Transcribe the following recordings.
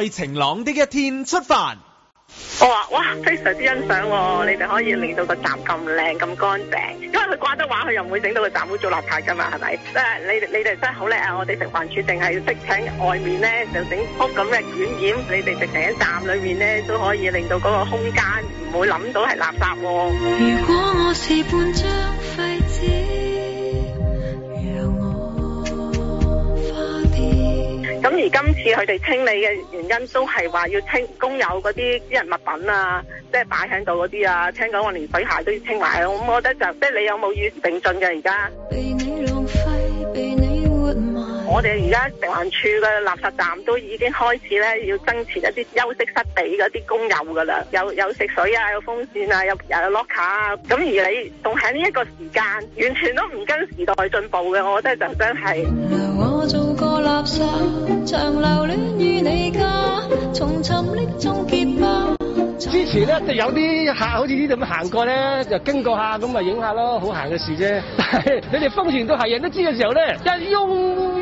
在晴朗的一天出發。我話、哦、哇，非常之欣賞、哦，你哋可以令到個站咁靚咁乾淨，因為佢掛得話，佢又唔會整到個站會做邋遢噶嘛，係咪？即係你你哋真係好叻啊！我哋食環署淨係識請外面咧，就整幅咁嘅捲簾，你哋直情一站裏面咧，都可以令到嗰個空間唔會諗到係垃圾、哦。如果我是半張廢紙。而今次佢哋清理嘅原因都係話要清工友嗰啲私人物品啊，即係擺響度嗰啲啊，聽講話連水鞋都要清埋啊，咁我覺得就即係你有冇與時並進嘅而家？被你浪費。被你我哋而家食環處嘅垃圾站都已經開始咧，要增設一啲休息室俾嗰啲工友噶啦，有有食水啊，有風扇啊，有有 locker 啊，咁而你仲喺呢一個時間，完全都唔跟時代進步嘅，我覺得就真係中想係。之前咧就有啲客好似呢度咁行過咧，就經過下咁咪影下咯，好行嘅事啫。但係你哋風扇都係人都知嘅時候咧，一擁。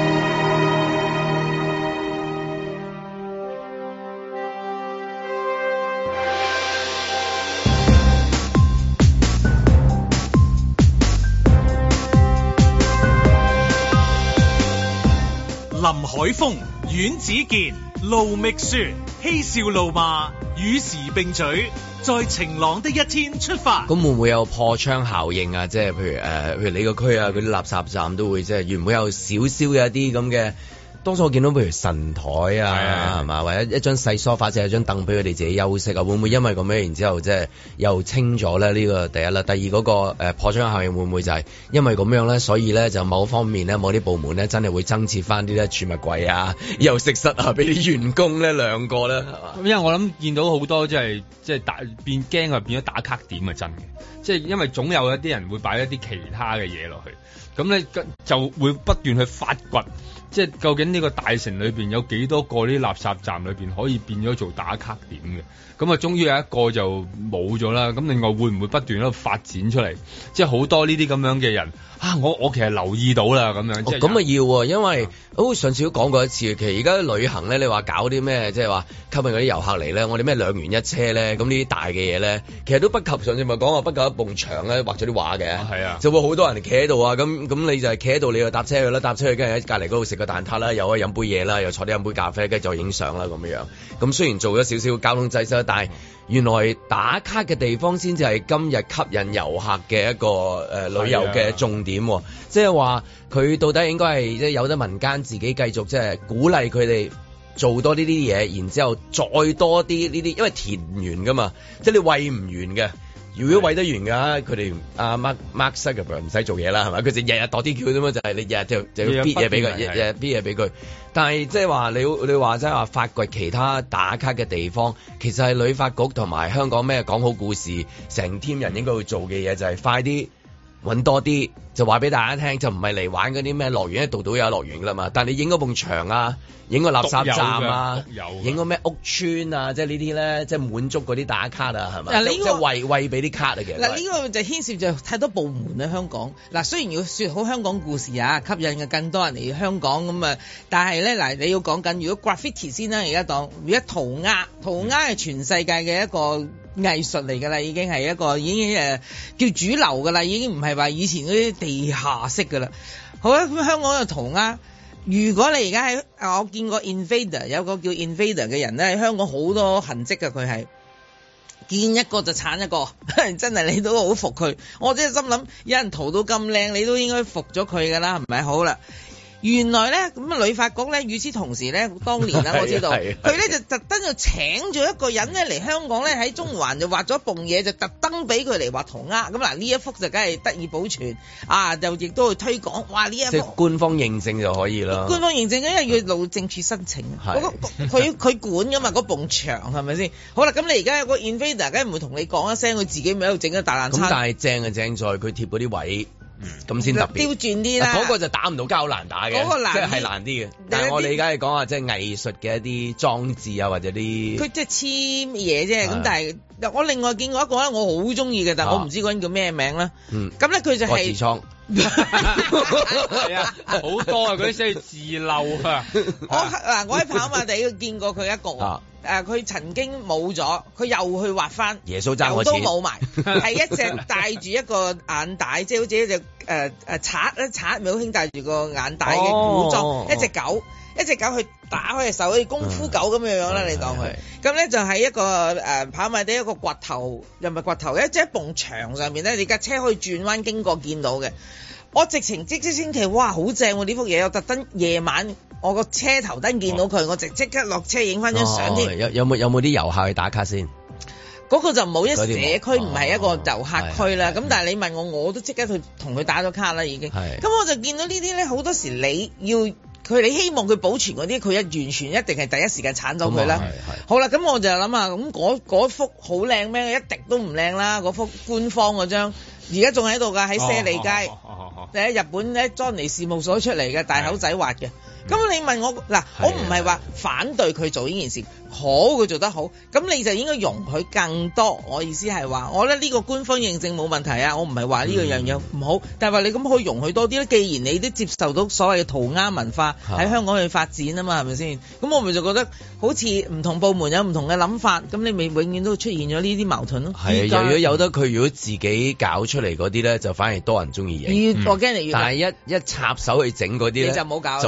海風、阮子健、盧覓雪，嬉笑怒罵與時並舉，在晴朗的一天出發。咁會唔會有破窗效應啊？即係譬如誒、呃，譬如你這個區啊，嗰啲垃圾站都會，即係會唔會有少少嘅一啲咁嘅？當初我見到譬如神台啊，係嘛，或者一張細梳化，即係一張凳俾佢哋自己休息啊。會唔會因為咁樣，然之後即係又清咗咧？呢、呢個第一啦，第二嗰、嗰個、呃、破窗效應會唔會就係因為咁樣咧，所以咧就某方面咧，某啲部門咧真係會增設翻啲咧儲物櫃啊、休息、嗯、室啊，俾啲員工咧兩個咧。因為我諗見到好多即係即係大變驚係變咗打卡點嘅真嘅，即、就、係、是、因為總有一啲人會擺一啲其他嘅嘢落去，咁咧就就會不斷去發掘。即係究竟呢個大城裏邊有幾多個呢啲垃圾站裏邊可以變咗做打卡點嘅？咁啊，終於有一個就冇咗啦。咁另外會唔會不斷喺度發展出嚟？即係好多呢啲咁樣嘅人。啊！我我其實留意到啦，咁樣、哦、即係咁啊要，因為都、啊、上次都講過一次，其實而家旅行咧，你話搞啲咩，即係話吸引嗰啲遊客嚟咧，我哋咩兩元一車咧，咁呢啲大嘅嘢咧，其實都不及上次咪講話，不及一埲牆咧畫咗啲畫嘅，係啊是，啊、就會好多人企喺度啊，咁咁你就企喺度，你就搭車去啦，搭車去跟住喺隔離嗰度食個蛋撻啦，又可以飲杯嘢啦，又坐啲飲杯咖啡，跟住再影相啦咁樣樣。咁雖然做咗少少交通擠塞，但係。原來打卡嘅地方先至係今日吸引遊客嘅一個誒旅遊嘅重點，即係話佢到底應該係即係有得民間自己繼續即係鼓勵佢哋做多呢啲嘢，然之後再多啲呢啲，因為填唔完㗎嘛，即係你喂唔完嘅。如果喂得完噶，佢哋阿 Mark Mark Zuckerberg 唔使做嘢啦，係嘛？佢哋日日度啲叫啫嘛，就係、是、你日日就是就俾嘢俾佢，日日俾嘢俾佢。但係即係話你你話即係話發掘其他打卡嘅地方，其實係旅發局同埋香港咩講好故事，成 team 人應該會做嘅嘢就係、是、快啲揾多啲。就話俾大家聽，就唔係嚟玩嗰啲咩樂園，度度有樂園噶啦嘛。但你影嗰埲牆啊，影個垃圾站啊，影個咩屋村啊，即係呢啲咧，即係滿足嗰啲打卡啊，係咪？啊你這個、即係喂喂俾啲卡嚟、啊、嘅。嗱呢、啊這個就牽涉就太多部門啦，香港。嗱、啊、雖然要説好香港故事啊，吸引嘅更多人嚟香港咁啊，但係咧嗱你要講緊如果 graffiti 先啦、啊，而家當如果塗鴉，塗鴉係全世界嘅一個藝術嚟㗎啦，已經係一個已經誒叫主流㗎啦，已經唔係話以前嗰啲。地下式噶啦，好啦，咁香港嘅塗鴉。如果你而家喺，我見過 Invader 有個叫 Invader 嘅人咧，香港好多痕跡噶，佢係見一個就鏟一個， 真係你都好服佢。我真係心諗，有人塗到咁靚，你都應該服咗佢噶啦，唔係好啦。原來咧，咁、呃、啊，旅發局咧，與此同時咧，當年啊，我知道佢咧是就特登就請咗一個人咧嚟香港咧，喺中環就畫咗一埲嘢，就特登俾佢嚟畫塗鴉。咁、嗯、嗱，呢一幅就梗係得以保存啊，就亦都去推廣。哇，呢一幅官方認證就可以啦。官方認證因為要路政處申請，佢佢是管㗎嘛，嗰埲牆係咪先？好啦，咁你而家、那個 Invader 梗唔會同你講一聲，佢自己咪喺度整咗大爛。咁但係正就正在佢貼嗰啲位。咁先特別調轉啲啦。嗰個就打唔到膠，難打嘅，嗰個難，即係難啲嘅。但我哋而家係講啊，即係藝術嘅一啲裝置啊，或者啲，佢即係黐嘢啫。咁但係，我另外見過一個咧，我好中意嘅，但我唔知嗰人叫咩名啦。咁咧佢就係自創。係好多啊！佢啲需要自漏啊！我嗱，我喺跑馬地都見過佢一個。誒佢、呃、曾經冇咗，佢又去畫返，耶穌又都冇埋，係 一隻戴住一個眼帶， 即係好似一隻誒誒賊咧，賊咪好興戴住個眼帶嘅古裝，oh. 一隻狗，一隻狗去打開隻手，好似功夫狗咁樣樣啦，oh。你當佢，咁呢，就係一個誒、呃、跑埋啲一個骨頭，又唔係骨頭嘅，即係一埲牆上面咧，你架車可以轉彎經過見到嘅。我直情即即星期，哇，好正喎！呢幅嘢，我特登夜晚我個車頭燈見到佢，哇我直即刻落車影翻張相添。有有冇有冇啲遊客去打卡先？嗰個就冇，一社區唔係一個遊客區啦。咁、哦哦、但係你問我，我都即刻去同佢打咗卡啦，已經。咁是我就見到呢啲咧，好多時你要佢你希望佢保存嗰啲，佢一完全一定係第一時間鏟走佢啦。嗯、好啦，咁我就諗下，咁嗰幅好靚咩？一滴都唔靚啦，嗰幅官方嗰張。而家仲喺度噶喺舍利街，喺、哦哦哦哦哦、日本咧莊尼事務所出嚟嘅、嗯、大口仔畫嘅。咁你問我嗱，我唔係話反對佢做呢件事，的好，佢做得好，咁你就應該容許更多。我意思係話，我咧呢個官方認證冇問題啊，我唔係話呢個樣樣唔好，嗯、但係話你咁可以容許多啲咧。既然你都接受到所謂嘅塗鴉文化喺香港去發展啊嘛，係咪先？咁我咪就覺得好似唔同部門有唔同嘅諗法，咁你咪永遠都出現咗呢啲矛盾咯。係的在如果由得佢如果自己搞出嚟嗰啲咧，就反而多人中意影。越我驚你越、嗯。越但係一一插手去整嗰啲你就冇搞。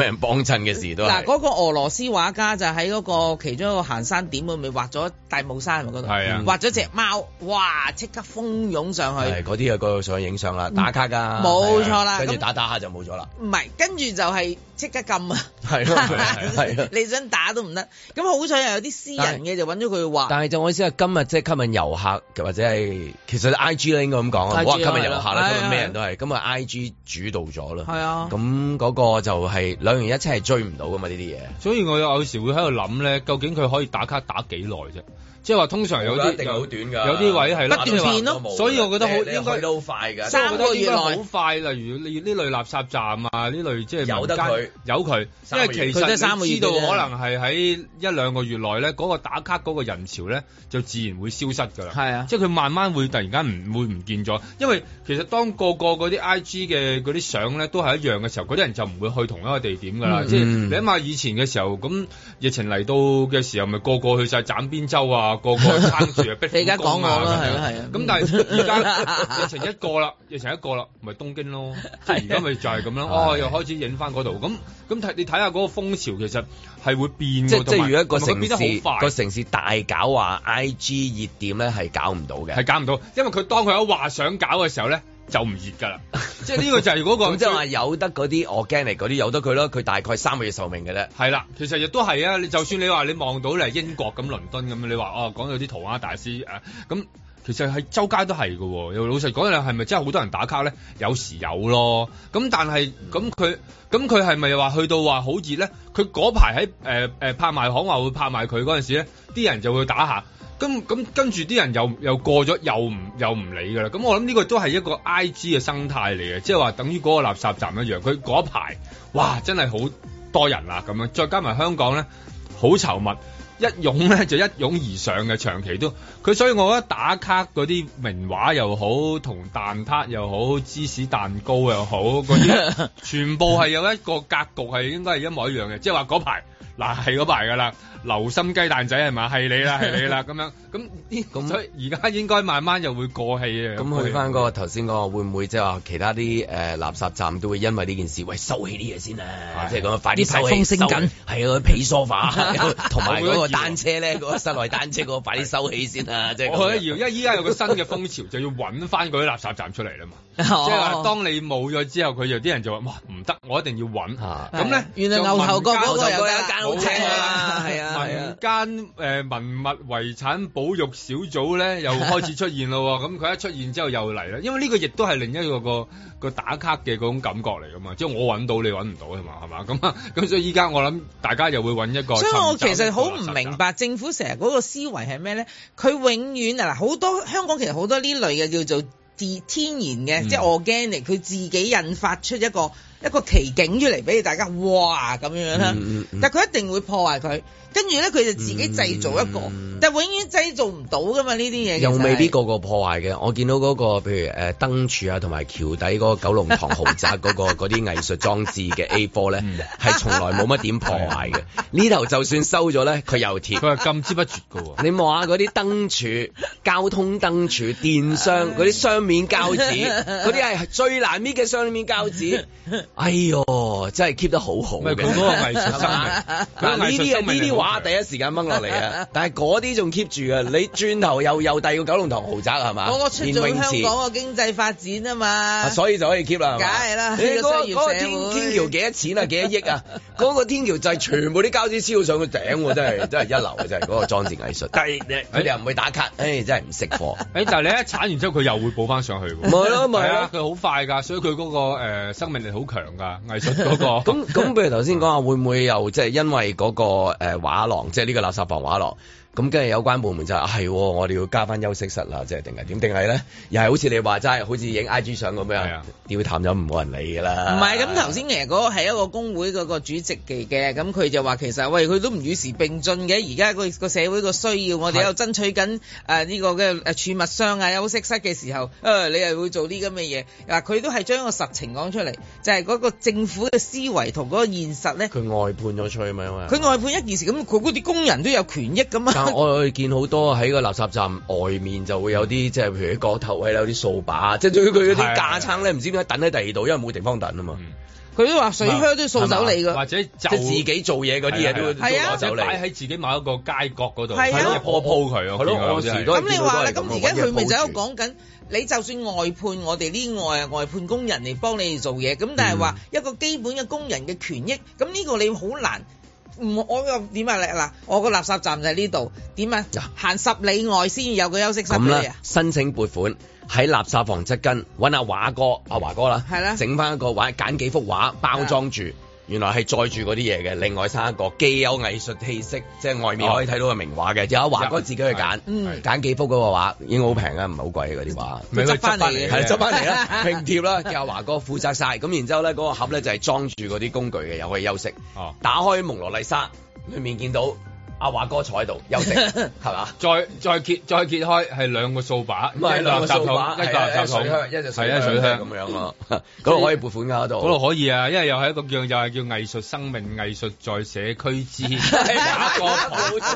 俾人幫襯嘅事都嗱，嗰、啊那個俄羅斯畫家就喺嗰個其中一個行山點山是是裡啊，咪畫咗大帽山係咪嗰度，畫咗隻貓，哇！即刻蜂擁上去，嗰啲啊，個個上去影相啦，打卡噶，冇沒、啊、錯啦，跟住打打下就冇咗啦，唔係，跟住就係、是。即刻撳啊！ 係咯，係你想打都唔得。咁好彩又有啲私人嘅就揾咗佢話。但係就我意思係今日即係吸引遊客或者係其實 I G 咧應該咁講 IG, 啊。好啊，吸引遊客啦，吸引咩人都係。今日 I G 主導咗啦。係啊的。咁嗰個就係、是、兩樣一齊係追唔到噶嘛呢啲嘢。所以我有時會喺度諗咧，究竟佢可以打卡打幾耐啫？即係話通常有啲好短有啲位係不斷咯，所以，所以我覺得好應該都好快㗎。三個月內好快，例如你呢類垃圾站啊，呢類即係由得他佢，由佢，因為其實你知道可能係喺一兩個月內咧，嗰個，個打卡嗰個人潮咧就自然會消失㗎啦。係啊，即係佢慢慢會突然間唔會唔見咗，因為其實當個個嗰啲 I G 嘅嗰啲相咧都係一樣嘅時候，嗰啲人就唔會去同一個地點㗎啦。嗯、即係你諗下以前嘅時候，咁疫情嚟到嘅時候，咪、個個去晒斬邊州啊！個個撐住啊！逼你而家講我咯，係啊係啊。咁但係而家疫情一過啦，疫情 一過啦，咪東京咯。的即係而家咪就係咁咯。的哦，又開始影翻嗰度。咁咁睇你睇下嗰個風潮，其實係會變。即係即係如果一個城市個城市大搞話，I G 熱點咧係搞唔到嘅，係搞唔到，因為佢當佢有話想搞嘅時候咧。就唔熱㗎啦，即係呢個就係嗰、那個咁 即係話有得嗰啲，organic 嗰啲有得佢咯，佢大概三個月壽命㗎啫係啦，其實亦都係啊！你就算你話你望到你係英國咁、倫敦咁，你話哦講到啲塗鴉大師誒，咁、啊、其實喺周街都係㗎又老實講啦，係咪真係好多人打卡咧？有時有咯，咁但係咁佢咁佢係咪話去到話好熱咧？佢嗰排喺誒拍賣行話會拍賣佢嗰陣時咧，啲人就會打下。咁咁跟住啲人又又過咗，又唔又唔理噶啦。咁、嗯、我諗呢個都係一個 IG 嘅生態嚟嘅，即係話等於嗰個垃圾站一樣。佢嗰排哇，真係好多人啦咁樣，再加埋香港咧，好稠密，一擁咧就一擁而上嘅。長期都佢，所以我覺得打卡嗰啲名畫又好，同蛋撻又好，芝士蛋糕又好嗰啲，全部係有一個格局係應該係一模一樣嘅，即係話嗰排嗱係嗰排噶啦。流心雞蛋仔係嘛？係你啦，係你啦。咁樣，咁咁所以而家應該慢慢又會過氣啊。咁去翻嗰個頭先嗰個，會唔會即係話其他啲誒垃圾站都會因為呢件事喂收起啲嘢先啊，即係咁快啲收起風聲。緊係啊，皮 sofa 同埋嗰個單車咧，嗰個室內單車嗰個快啲收起先啊。即係因為依家有個新嘅風潮，就要揾翻嗰啲垃圾站出嚟啦嘛。即係當你冇咗之後，佢有啲人就話哇唔得，我一定要揾。咁咧，原來牛頭角個又有間屋啊，係啊。民間誒文、啊呃、物遺產保育小組咧，又開始出現咯。咁佢 一出現之後，又嚟啦。因為呢個亦都係另一個個個打卡嘅嗰種感覺嚟噶嘛。即係我揾到，你揾唔到，係嘛？係嘛？咁咁，所以依家我諗大家又會揾一個。所以我其實好唔明白政府成日嗰個思維係咩咧？佢永遠啊，嗱好多香港其實好多呢類嘅叫做自天然嘅，嗯、即係 organic，佢自己引發出一個一個奇景出嚟俾你大家，哇咁樣啦，嗯嗯、但係佢一定會破壞佢，跟住咧佢就自己製造一個，嗯、但係永遠製造唔到噶嘛呢啲嘢。又未必個個破壞嘅，我見到嗰、嗰個譬如誒燈、呃、柱啊，同埋橋底嗰個九龍塘豪宅嗰、嗰個嗰啲藝術裝置嘅 A4 咧，係從、嗯、來冇乜點破壞嘅。呢頭 的就算收咗咧，佢又貼。佢係禁之不絕噶、啊。你望下嗰啲燈柱、交通燈柱、電商嗰啲雙面膠紙，嗰啲係最難搣嘅雙面膠紙。 哎喲真係 keep 得好好嘅。佢嗰個藝術生命，呢啲呢啲畫，第一時間掹落嚟啊！但係嗰啲仲 keep 住啊。你轉頭又又第個九龍塘豪宅係嘛？年永恆。講個經濟發展啊嘛，所以就可以 keep 啦，係咪？梗係啦，呢個商業社會。嗰個天橋幾多錢啊？幾多億啊？嗰個天橋就係全部啲膠紙燒上去頂，真係真係一流嘅，真係嗰個裝置藝術。佢哋又唔會打卡，誒真係唔識貨。但係你一鏟完之後，佢又會補翻上去。唔係咯，唔係佢好快㗎，所以佢嗰個誒生命力好強。強噶，藝術嗰個。 咁咁，譬如頭先講下，會唔會又即係因為嗰個誒畫廊，即係呢個垃圾房畫廊？咁跟住有關部門就係，係、哎、我哋要加翻休息室啊！即係定係點定係咧？又係好似你話齋好似影 I G 相咁樣，點會淡咗唔冇人理噶啦。唔係，咁頭先，其實嗰個係一個工會嗰個主席嚟嘅，咁佢就話其實喂，佢都唔與時並進嘅。而家個個社會個需要，我哋有爭取緊誒呢個嘅儲、啊、物箱啊、休息室嘅時候，誒、呃、你又會做啲咁嘅嘢。嗱，佢都係將個實情講出嚟，就係、是、嗰個政府嘅思維同嗰個現實咧。佢外判咗出去嘛？佢、呃外，呃、外判一件事咁，佢嗰啲工人都有權益噶嘛？我見好多喺個垃圾站外面就會有啲，即係譬如喺角頭位有啲掃把，即係佢嗰啲架撐咧，唔知點解等喺第二度，因為冇地方等啊嘛。佢都話水靴都掃走你㗎，或者自己做嘢嗰啲嘢都會攞走嚟，擺喺自己某一個街角嗰度，係啊，鋪鋪佢咯。咁你話啦，咁而家佢咪就喺度講緊，你就算外判我哋呢外外判工人嚟幫你哋做嘢，咁但係話一個基本嘅工人嘅權益，咁呢個你好難。唔，我又點啊？你嗱，我個垃圾站就喺呢度，點啊？行十里外先有個休息室。咁咧，申請撥款喺垃圾房側跟揾阿華哥，阿華哥啦，係啦、啊，整翻一個畫，揀幾幅畫包裝住。原來係載住嗰啲嘢嘅，另外三一個既有藝術氣息，即係外面可以睇到嘅名畫嘅，oh. 有華哥自己去揀，揀 Yes. 幾幅嗰個畫，已經好平啊，唔係好貴嗰啲畫，執翻嚟，係執翻嚟啦，拼貼啦，叫阿華哥負責晒。咁 然之後咧，嗰個盒咧就係裝住嗰啲工具嘅，又可以休息，oh. 打開蒙羅麗莎，裡面見到。阿華哥坐喺度，休息，係嘛？再再揭再揭開，係兩個掃把，咁係兩個掃把，一個垃圾桶，一個水箱，咁樣咯。嗰度可以撥款㗎。嗰度，咁啊可以啊，因為又係一個叫又係叫藝術生命，藝術在社區之，華哥，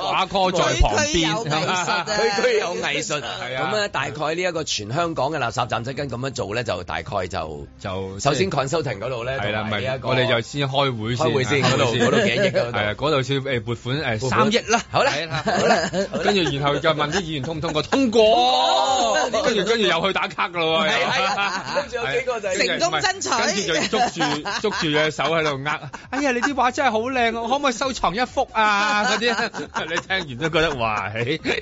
華哥在旁邊，佢佢有藝術，咁咧大概呢一個全香港嘅垃圾站，即跟咁樣做咧，就大概就就首先廣州停嗰度咧，係啦，係我哋就先開會先，嗰度嗰度幾億啊，嗰度先撥款誒。啦，好啦，好啦，跟住然後就問啲議員通唔通過，通過，跟住跟住又去打卡噶咯，跟住有幾個就成功爭取，跟住就捉住捉住隻手喺度握，哎呀，你啲畫真係好靚，我可唔可以收藏一幅啊？嗰啲你聽完都覺得哇，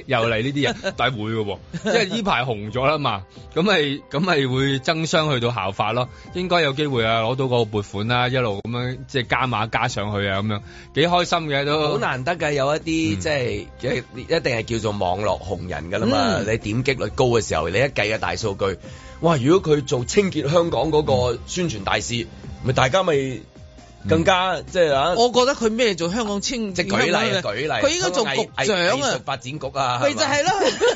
又嚟呢啲人抵會嘅喎，即係呢排紅咗啦嘛，咁咪咁咪會爭相去到效法咯，應該有機會啊攞到個撥款啦，一路咁樣即係加碼加上去啊咁樣，幾開心嘅都好難得㗎，有一，啲、嗯、即係一定係叫做網絡紅人噶啦嘛，嗯、你點擊率高嘅時候，你一計吓大數據。哇！如果佢做清潔香港嗰個宣傳大使，咪、嗯、大家咪更加、嗯、即係是啊？我覺得佢咩做香港清？即舉例舉例，佢應該做局長啊，發展局啊，咪就係咯。是吧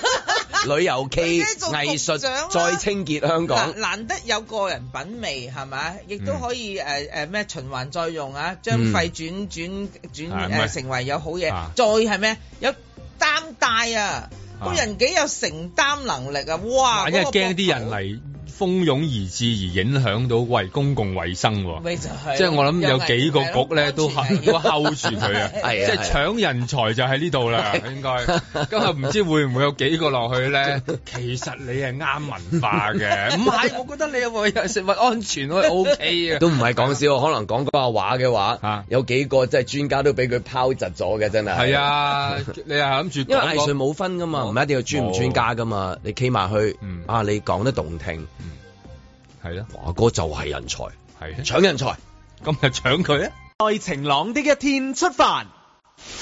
旅遊記藝術再清潔香港，嗯、難得有個人品味係咪？亦都可以誒誒咩循環再用啊，將廢轉轉轉誒成為有好嘢，再係咩有擔帶啊？個、啊啊、人幾有承擔能力啊！哇！萬一係驚啲人嚟。蜂擁而至而影響到為公共衛生，即係我諗有幾個局咧都係都扣住佢啊，即係搶人才就喺呢度啦，應該今日唔知會唔會有幾個落去咧？其實你係啱文化嘅，唔係，我覺得你有冇食物安全可係 O K 啊？都唔係講笑，可能講嗰下話嘅話，有幾個即係專家都俾佢拋窒咗嘅，真係係啊，你係諗住因為藝術冇分噶嘛，唔係一定要專唔專家噶嘛，你企埋去啊，你講得動聽。係啦，華哥就係人才，係搶的人才，今日搶佢啊！在晴朗的一天出發，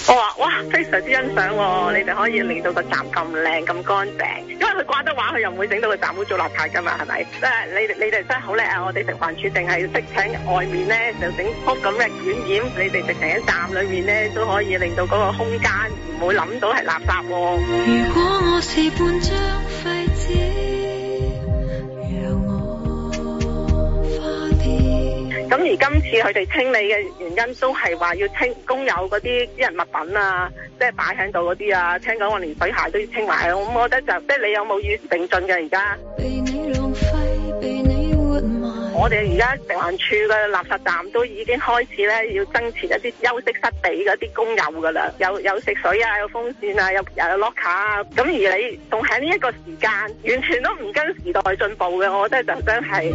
我話、哦、哇，非常之欣賞、哦，你哋可以令到個站咁靚咁乾淨，因為佢乖得話，佢又唔會整到個站會做邋遢噶嘛，係咪？即、呃、係你你哋真係好叻啊！我哋食環署淨係識請外面咧，就整幅咁嘅軟掩，你哋直情喺站裏面咧都可以令到嗰個空間唔會諗到係垃圾喎、哦。如果我是半張廢紙。咁而今次佢哋清理嘅原因都係話要清工友嗰啲私人物品啊，即係擺喺度嗰啲啊。聽講話我連水鞋都要清埋，咁、嗯、我覺得就即係你有冇要與時並進嘅而家？我哋而家食環署嘅垃圾站都已經開始咧，要增設一啲休息室地嗰啲工友噶啦，有有食水啊，有風扇啊，有有 locker 啊。咁、嗯、而你仲喺呢一個時間，完全都唔跟時代進步嘅，我覺得就真係。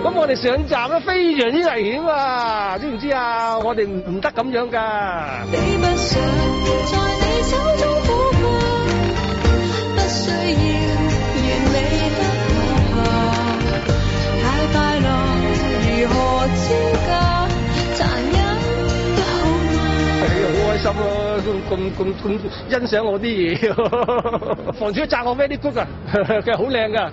咁我哋上站都非常之危險啊，知唔知啊？我哋唔唔得咁樣噶。你不想在你手中火花，不需要完美得可怕，太快樂如何招架？殘忍得好嗎？誒、哎，好開心啊！咁咁咁咁欣賞我啲嘢，房主都讚我 very good 啊？其實好靚噶。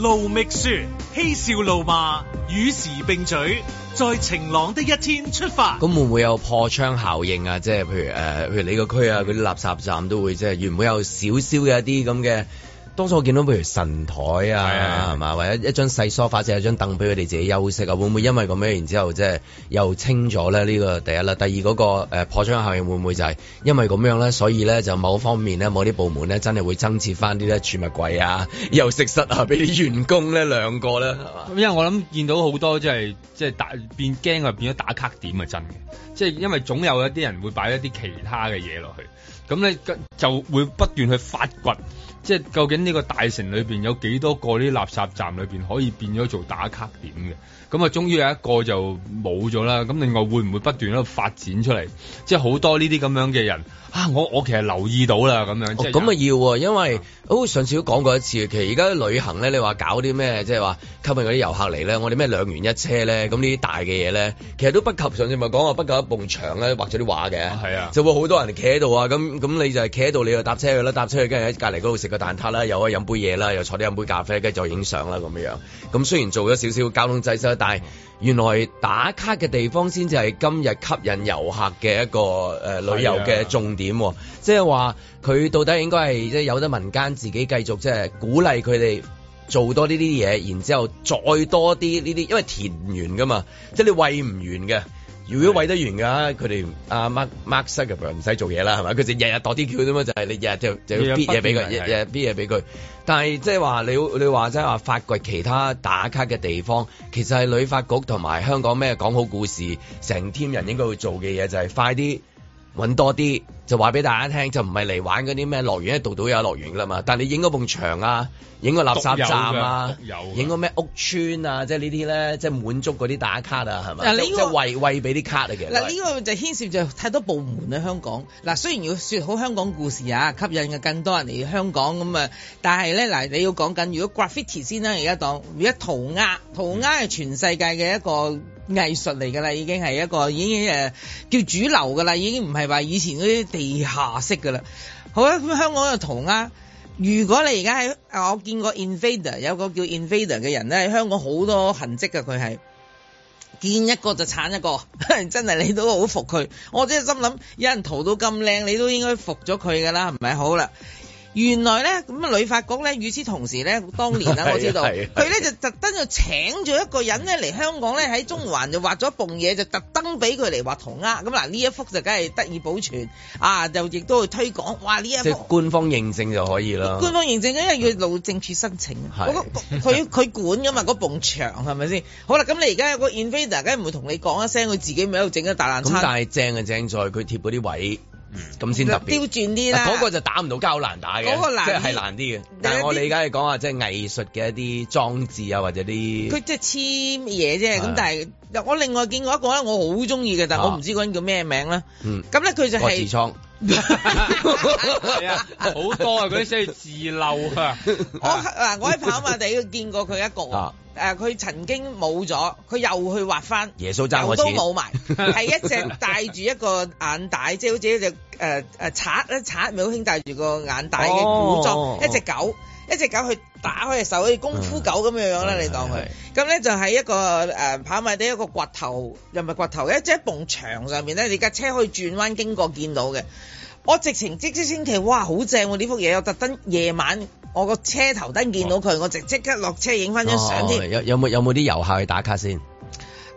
路蜜説嬉笑怒罵，與時並舉，在晴朗的一天出發。咁會唔會有破窗效應啊？即係譬如誒、呃，譬如你個區啊，嗰啲垃圾站都會，即係原本有少少嘅一啲咁嘅？多數我見到，譬如神台啊，係嘛、啊，或者一張細梳化就 a 一張凳俾佢哋自己休息啊。會唔會因為咁樣，然之後即係又清咗咧？呢個第一啦。第二嗰個、呃、破窗效應會唔會就係因為咁樣咧，所以咧就某方面咧，某啲部門咧真係會增設翻啲咧儲物櫃啊、休息室啊，俾啲員工咧兩個咧，咁因為我諗見到好多即係即係大變驚啊，變咗打卡點啊，真嘅。即係因為總有一啲人會擺一啲其他嘅嘢落去，咁你就會不斷去發掘。即係究竟呢個大城裏邊有幾多個呢啲垃圾站裏邊可以變咗做打卡點嘅？咁啊，終於有一個就冇咗啦。咁另外會唔會不斷喺度發展出嚟？即係好多呢啲咁樣嘅人啊！我我其實留意到啦，咁樣咁啊、哦哦、要，因為好似、嗯、上次都講過一次。其實而家旅行咧，你話搞啲咩？即係話吸引嗰啲遊客嚟咧，我哋咩兩元一車咧？咁呢啲大嘅嘢咧，其實都不及上次咪講話，不夠一埲牆咧畫咗啲畫嘅，係啊，就會好多人企喺度啊。咁咁你就係企喺度，你就搭車去啦，搭車去跟住喺隔離嗰度食個蛋撻啦，又可以飲杯嘢啦，又坐啲飲杯咖啡，跟住再影相啦咁樣樣。咁雖然做咗少少交通制。但係原來打卡嘅地方先至係今日吸引遊客嘅一個誒旅遊嘅重點，即係話佢到底應該係，即係有得民間自己繼續即係鼓勵佢哋做多呢啲嘢，然之後再多啲呢啲，因為填唔完噶嘛，即係你喂唔完嘅。如果喂得完噶，佢哋阿 Mark Mark Zuckerberg 唔使做嘢啦，係咪？佢就日日度啲橋啫嘛，就係你日日就就要啲嘢俾佢，日日啲嘢俾佢。但係即係話，你你話真係話發掘其他打卡嘅地方，其實係旅發局同埋香港咩講好故事，成 team 人應該會做嘅嘢就係、是、快啲。揾多啲就話俾大家聽，就唔係嚟玩嗰啲咩樂園，度度有樂園噶啦嘛。但係你影嗰埲牆啊，影個垃圾站啊，影個咩屋村啊，即係呢啲咧，即係滿足嗰啲打卡啊，係、啊、你、這個、即係喂喂俾啲卡嚟、啊、嘅。嗱，呢、啊這個就牽涉就太多部門啦，香港。嗱、啊，雖然要說好香港故事啊，吸引嘅更多人嚟香港咁啊，但係咧嗱，你要講緊如果 graffiti 先啦、啊，而家當如果塗鴉，塗鴉係全世界嘅一個。藝術嚟噶啦，已經係一個已經誒叫主流噶啦，已經唔係話以前嗰啲地下式噶啦。好啦，咁香港就塗鴉啊。如果你而家喺我見過 Invader 有個叫 Invader 嘅人咧，香港好多痕跡噶，佢係見一個就鏟一個， 真係你都好服佢。我真係心諗，有人塗到咁靚，你都應該服咗佢噶啦，係咪好啦？原來咧，咁啊，旅發局咧，與此同時咧，當年啊，我知道佢咧就特登就請咗一個人咧嚟香港咧，喺中環就畫咗一埲嘢，就特登俾佢嚟畫塗鴉。咁嗱，呢一幅就梗係得以保存啊，就亦都去推廣。哇，呢一幅即官方認證就可以啦。官方認證咧，因為要路政處申請，佢佢管噶嘛，嗰埲牆係咪先？好啦，咁你而家個 Invader 梗唔會同你講一聲，佢自己咪喺度整咗大爛？咁但係正嘅正在佢貼嗰啲位，咁先特別，刁轉啲啦。嗰個就打唔到膠，難打嘅，即係難啲嘅。但係我理解係講啊，即係藝術嘅一啲裝置啊，或者啲。佢即係黐嘢啫。咁但係，我另外見過一個咧，我好中意嘅，但係我唔知嗰個人叫咩名啦咁咧，佢就係。自創。係啊，好多啊！嗰啲先係自漏啊。我嗱，我喺跑馬地見過佢一個。誒佢、啊、曾經冇咗，佢又去畫翻，耶穌又都冇埋，係 一隻戴住一個眼帶， 即係好似一隻誒誒賊咧賊咪好興戴住個眼帶嘅古裝，一隻狗，一隻狗去打開隻手，好似功夫狗咁樣樣啦，嗯、你當佢，咁咧、嗯、就係一個誒、呃、跑埋啲一個骨頭，又咪骨頭，一隻一埲牆上面咧，你架車可以轉彎經過見到嘅。我直情即即星期，哇，好正喎、啊！呢幅嘢我特登夜晚。我個車頭燈見到佢，哦、我就即刻落車影翻張相添。有有冇有冇啲遊客去打卡先？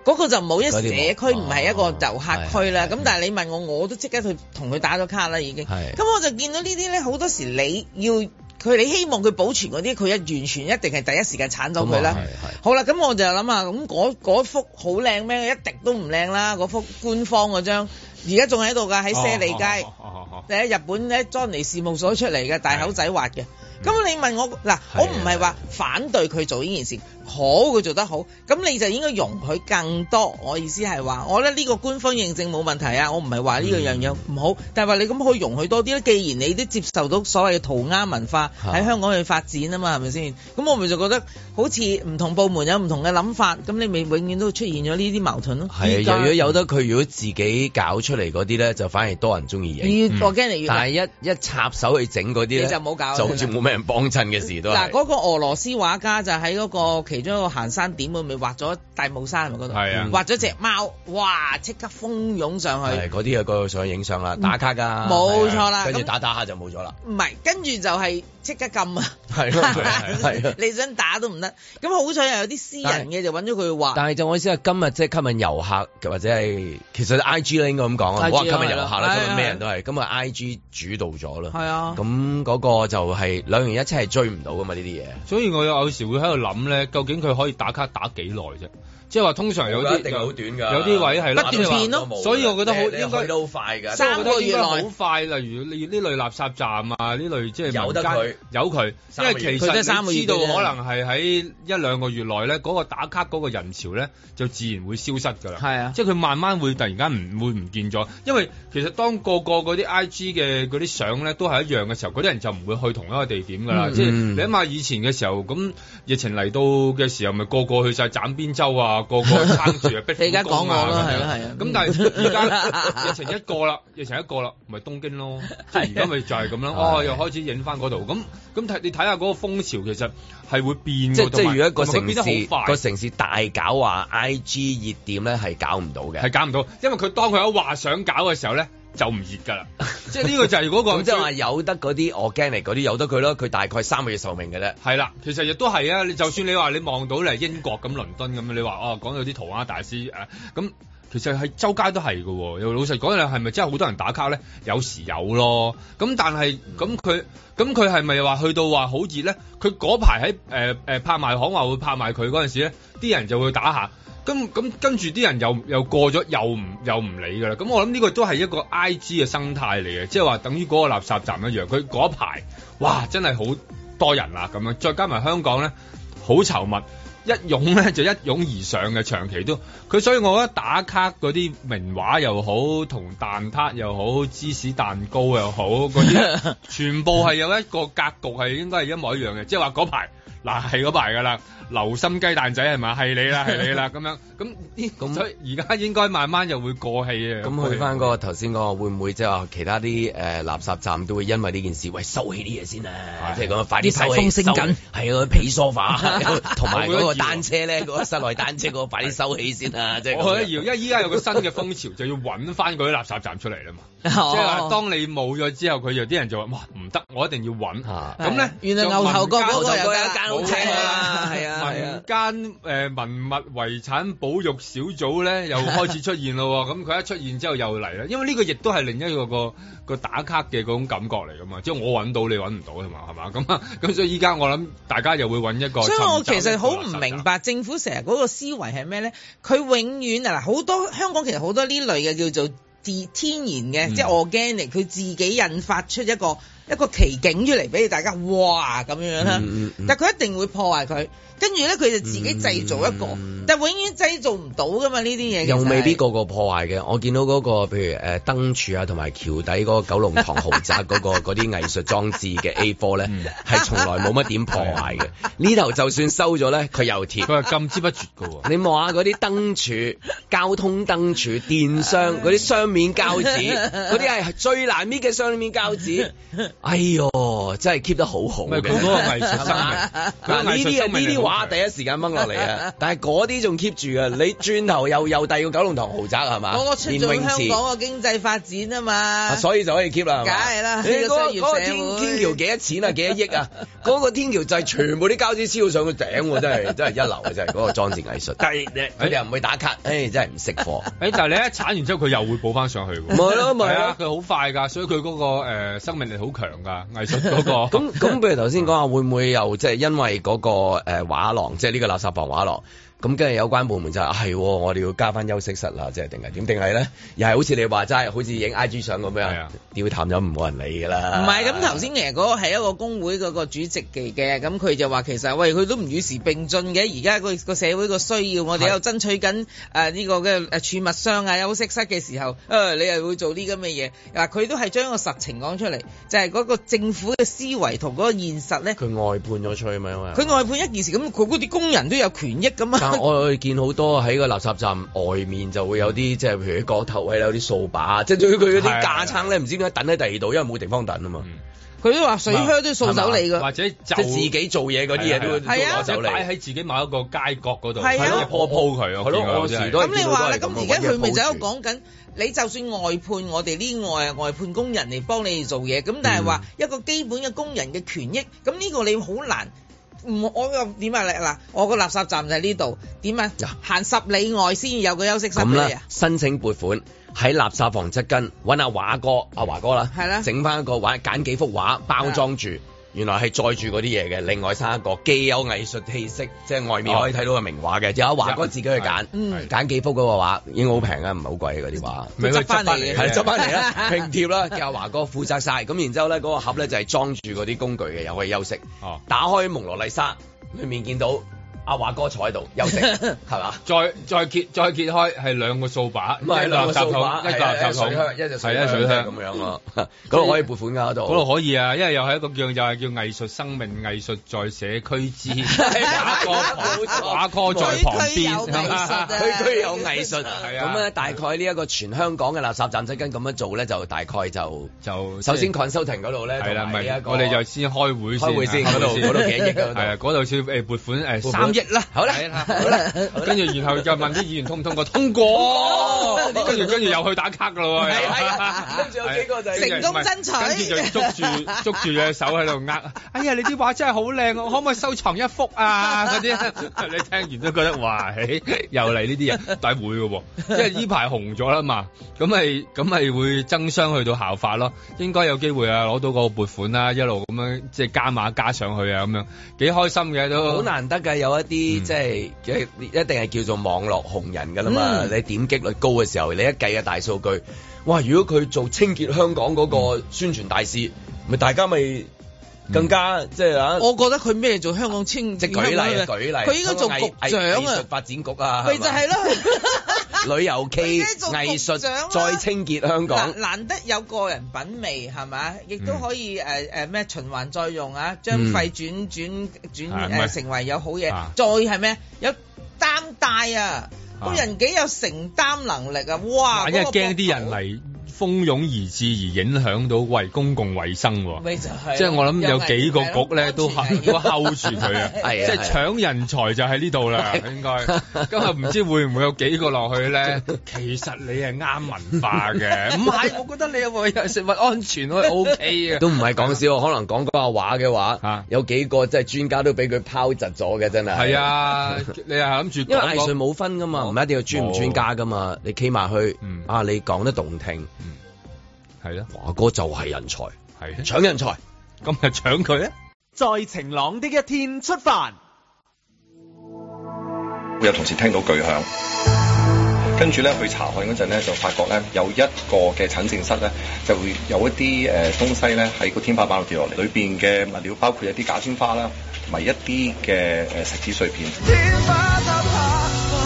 嗰個就冇，一社區唔係一個遊客區啦。咁、哦、是但係你問我，我都即刻去同佢打咗卡啦。已經咁是我就見到呢啲咧，好多時你要佢，你希望佢保存嗰啲，佢一完全一定係第一時間鏟咗佢啦。嗯、好啦，咁我就諗下，咁嗰幅好靚咩？一滴都唔靚啦。嗰幅官方嗰張，而家仲喺度噶，喺些利街。哦喺、哦、日本咧，Johnny 事務所出嚟嘅大口仔畫嘅。咁你問我嗱，的我唔係話反對佢做呢件事，好，佢做得好，咁你就應該容許更多。我意思係話，我咧呢個官方認證冇問題啊，我唔係話呢個樣樣唔好，嗯、但係話你咁可以容許多啲咧。既然你都接受到所謂嘅塗鴉文化喺香港去發展啊嘛，係咪先？咁我咪就覺得好似唔同部門有唔同嘅諗法，咁你咪永遠都出現咗呢啲矛盾咯。係的，在如果有得佢如果自己搞出嚟嗰啲咧，就反而多人中意贏。我驚你越、嗯，越但係一一插手去整嗰啲你就冇搞，好似冇咩。人幫襯嘅事都嗱，嗰、嗰個俄羅斯畫家就喺嗰個其中一個行山點，佢咪畫咗大帽山係咪嗰度，畫咗隻貓？哇！即刻蜂擁上去，嗰啲啊。個個上去影相啦，打卡噶，冇錯啦，跟住打打下就冇咗啦，唔係，跟住就係。即刻撳啊！係咯，你想打都唔得。咁好彩又有啲私人嘅是就揾咗佢話但係就我意思係，今日即係吸引遊客或者係其實 I G 咧應該咁講啊，哇對！吸引遊客啦，今日咩人都係，咁啊 I G 主導咗啦。係啊，咁嗰個就係、是、兩樣一齊係追唔到噶嘛呢啲嘢。所以我有時會喺度諗咧，究竟佢可以打卡打幾耐啫？即係話，通常有啲好短㗎，有啲位係不斷變咯。所以我覺得好應該快㗎，三個月內好快。例如呢類垃圾站啊，呢類即係有得佢，有佢，因為其實佢三個月知道可能係喺一兩個月內咧，嗰個打卡嗰個人潮咧就自然會消失㗎啦。係啊，即係佢慢慢會突然間唔會唔見咗，因為其實當個個嗰啲 I G 嘅嗰啲相咧都係一樣嘅時候，嗰啲人就唔會去同一個地點㗎啦。即係你諗下以前嘅時候，咁疫情嚟到嘅時候，咪個個去晒斬邊州啊！個個撐住啊！逼你而家講過啦，係係樣啊。咁、啊嗯、但係而家疫情一過啦，疫情一過啦，咪係東京咯。係而家咪就係咁咯。啊、哦，又開始影翻嗰度。咁咁睇你睇下嗰個風潮，其實係會變嘅。即即係如果一個城市，嗰個城市大搞話，I G 熱點咧係搞唔到嘅。係搞唔到，因為佢當佢有話想搞嘅時候咧。就唔熱噶啦，即係呢個就係嗰個。咁即係話有得嗰啲，organic 嗰啲有得佢咯。佢大概三個月壽命嘅啫。係啦，其實亦都係啊。你就算你話你望到咧，英國咁倫敦咁，你話哦講到啲塗鴉大師誒，咁、啊、其實喺周街都係嘅。又老實講你係咪真係好多人打卡咧？有時有咯。咁但係咁佢咁佢係咪話去到話好熱咧？佢嗰排喺誒拍賣行話會拍賣佢嗰陣時咧，啲人就會打下。咁咁跟住啲人又又過咗，又唔又唔理噶啦。咁我諗呢個都係一個 IG 嘅生態嚟嘅，即係話等於嗰個垃圾站一樣。佢嗰排，哇，真係好多人啦咁樣，再加埋香港咧，好稠密，一擁咧就一擁而上嘅。長期都佢所以，我覺得打卡嗰啲名畫又好，同蛋撻又好，芝士蛋糕又好嗰啲，全部係有一個格局，係應該係一模一樣嘅。 即係話嗰排嗱係嗰排噶啦。留心雞蛋仔係咪？係你啦，係你啦，咁樣咁，所以而家應該慢慢又會過氣啊。咁去翻個頭先講，會唔會即係話其他啲誒垃圾站都會因為呢件事，喂收起啲嘢先啊！即係咁快啲收起。啲排風升緊，係啊，皮梳化，同埋嗰個單車咧，嗰個室內單車，嗰個快啲收起先啊！即係。我覺得因為依家有個新嘅風潮，就要揾翻嗰啲垃圾站出嚟啦嘛。即係話，當你冇咗之後，佢有啲人就話：哇，唔得，我一定要揾。咁咧，原來牛頭角嗰有一有間屋企啊，係啊。民間誒文物遺產保育小組咧，又開始出現咯。咁佢 一出現之後又嚟啦，因為呢個亦都係另一個個個打卡嘅嗰種感覺嚟噶嘛。即係我揾到你揾唔到，係嘛，係嘛。咁 咁，所以依家我諗大家又會揾一個。所以我其實好唔明白政府成日嗰個思維係咩咧？佢永遠嗱好多香港其實好多呢類嘅叫做自天然嘅，嗯、即係 organic，佢自己引發出一個。一個奇景出嚟俾你大家，哇咁樣啦。嗯嗯、但係佢一定會破壞佢，跟住咧佢就自己製造一個，嗯、但係永遠製造唔到噶嘛呢啲嘢。又未必個個,個破壞嘅。我見到嗰、那個譬如誒燈、呃、柱啊，同埋橋底嗰個九龍塘豪宅嗰、那個嗰啲藝術裝置嘅 A 4咧，係從、嗯、來冇乜點破壞嘅。呢頭、 啊、就算收咗咧，佢又貼。佢係禁之不絕噶、啊。你望下嗰啲燈柱、 交通燈柱、電箱嗰啲雙面膠紙，嗰啲係最難搣嘅雙面膠紙。 哎呦，真係 keep 得好好嘅藝術生命。呢啲呢啲畫第一時間掹落嚟啊！但係嗰啲仲 keep 住嘅。你轉頭又又第二個九龍塘豪宅係嘛？連泳池。講個經濟發展啊嘛，所以就可以 keep 啦，係嘛？梗係啦。天天橋幾多錢啊？幾多億啊？嗰個天橋就係全部啲膠紙燒上個頂，真係真係一流嘅，真係嗰個裝置藝術。但係佢哋又唔會打卡，真係唔識貨。但你一鏟完之後，佢又會補翻上去㗎。唔係咯，唔係啊，佢好快㗎，所以佢嗰個誒生命力好強。噶藝術嗰個咁咁， 譬如頭先講下，會唔會又即係因為嗰、那個誒、呃、畫廊，即係呢個垃圾房畫廊？咁跟住有關部門就係、哎，我哋要加翻休息室啦，即係定係點？定係咧，又係好似你話齋，好似影 I G 相咁樣，調查咗唔冇人理㗎啦。唔係，咁頭先其實嗰個係一個工會嗰個主席嚟嘅，咁佢就話其實，喂，佢都唔與時並進嘅。而家個社會個需要，我哋有爭取緊誒呢個嘅儲、啊、物箱啊、休息室嘅時候、呃，你又會做啲咁嘅嘢。嗱，佢都係將個實情講出嚟，就係、係、嗰個政府嘅思維同嗰個現實咧。佢外判咗出去咪？佢外判一件事咁，佢嗰啲工人都有權益咁啊。我見好多喺個垃圾站外面就會有啲，即係譬如喺角頭位有啲掃把，即係佢嗰啲架撐咧，唔知點解等喺第二度，因為冇地方等啊嘛。佢都話水靴都掃走你㗎，或者就自己做嘢嗰啲嘢都會攞走嚟。擺喺自己某一個街角嗰度，係啊，鋪鋪佢咯。都咁你話啦。咁而家佢咪就喺度講緊，你就算外判我哋呢外外判工人嚟幫你做嘢，咁但係話一個基本嘅工人嘅權益，咁呢個你好難。唔，我又點啊？嗱，我個垃圾站就係呢度。點啊？行十里外先有個休息室，咁你、啊、申請撥款喺垃圾房側金，揾阿華哥、阿、啊、華哥啦，係啦，整翻一個畫，揀幾幅畫包裝住。原來係載住嗰啲嘢嘅，另外生一個既有藝術氣息，即係外面可以睇到個名畫嘅，就阿、哦、華哥自己去揀，揀幾幅嗰個畫已經好平啦，唔係好貴嗰啲畫，執翻嚟，係執翻嚟啦，拼貼啦，叫阿華哥負責晒。咁然之後咧嗰、嗰個盒咧就係、係、裝住嗰啲工具嘅，又可以休息。哦，打開蒙羅麗莎，裡面見到。阿華哥坐喺度，休息，係嘛？再再揭再揭開係兩個掃把，唔係兩個掃一垃圾桶，一袋係一水箱咁樣咯。嗰度可以撥款㗎嗰度，嗰度可以啊，因為又係一個叫又係叫藝術生命藝術在社區之，阿華哥在旁邊，區區有藝術。咁咧大概呢一個全香港嘅垃圾站仔跟咁樣做咧，就大概就就首先困收停嗰度咧，係啦，唔係我哋就先開會先，嗰度嗰度幾億嗰度，啊，嗰度先誒撥款啦，好啦，好啦，跟住然後就問啲議員通唔通過，通過，跟住跟住又去打卡噶咯，跟住有幾個就成功爭取。跟住捉住捉住隻手喺度握，哎呀，你啲畫真係好靚，我可唔可以收藏一幅啊？嗰啲你聽完都覺得哇，又嚟呢啲人大會嘅喎，因為呢排紅咗啦嘛，咁咪咁咪會爭相去到效法咯，應該有機會啊，攞到個撥款啦，一路咁樣即係加碼加上去啊，咁樣幾開心嘅都，好難得㗎，有啊！一啲、嗯、即係一一定係叫做網絡紅人噶啦嘛，嗯、你點擊率高嘅時候，你一計嘅大數據哇！如果佢做清潔香港嗰個宣傳大使，咪、嗯、大家咪～更加即係啊，我覺得佢咩做香港清潔香港？即舉例舉例，佢應該做局長啊！藝術發展局啊，咪就係咯吧。 旅遊企藝術再清潔香港。 難得有個人品味係咪亦都可以誒誒咩循環再用啊，將廢轉轉轉，轉、嗯、成為有好嘢，啊、再係咩？有擔帶啊！個、啊、人幾有承擔能力啊！哇！因為驚啲人嚟。蜂擁而至而影響到喂公共衞生喎，即係我諗有幾個局咧都都睺住佢啊，即係搶人才就喺呢度啦，應該。今日唔知會唔會有幾個落去咧？其實你係啱文化嘅，唔係我覺得你有食物安全都 O K 嘅，都唔係講笑。可能講嗰下話嘅話，有幾個即係專家都俾佢拋窒咗嘅，真係。係啊，你係諗住因為藝術冇分㗎嘛，唔一定要專唔專家㗎嘛，你企埋去啊，你講得動聽。係啦，華哥就係人才，係搶的人才，今日搶佢啊！在晴朗的一天出發，會有同事聽到巨響，跟住咧去查看嗰陣咧，就發覺咧有一個嘅診症室咧，就會有一啲誒、呃、東西咧喺個天花板度跌落嚟，裏邊嘅物料包括一啲假鮮花啦，同埋一啲嘅誒石子碎片。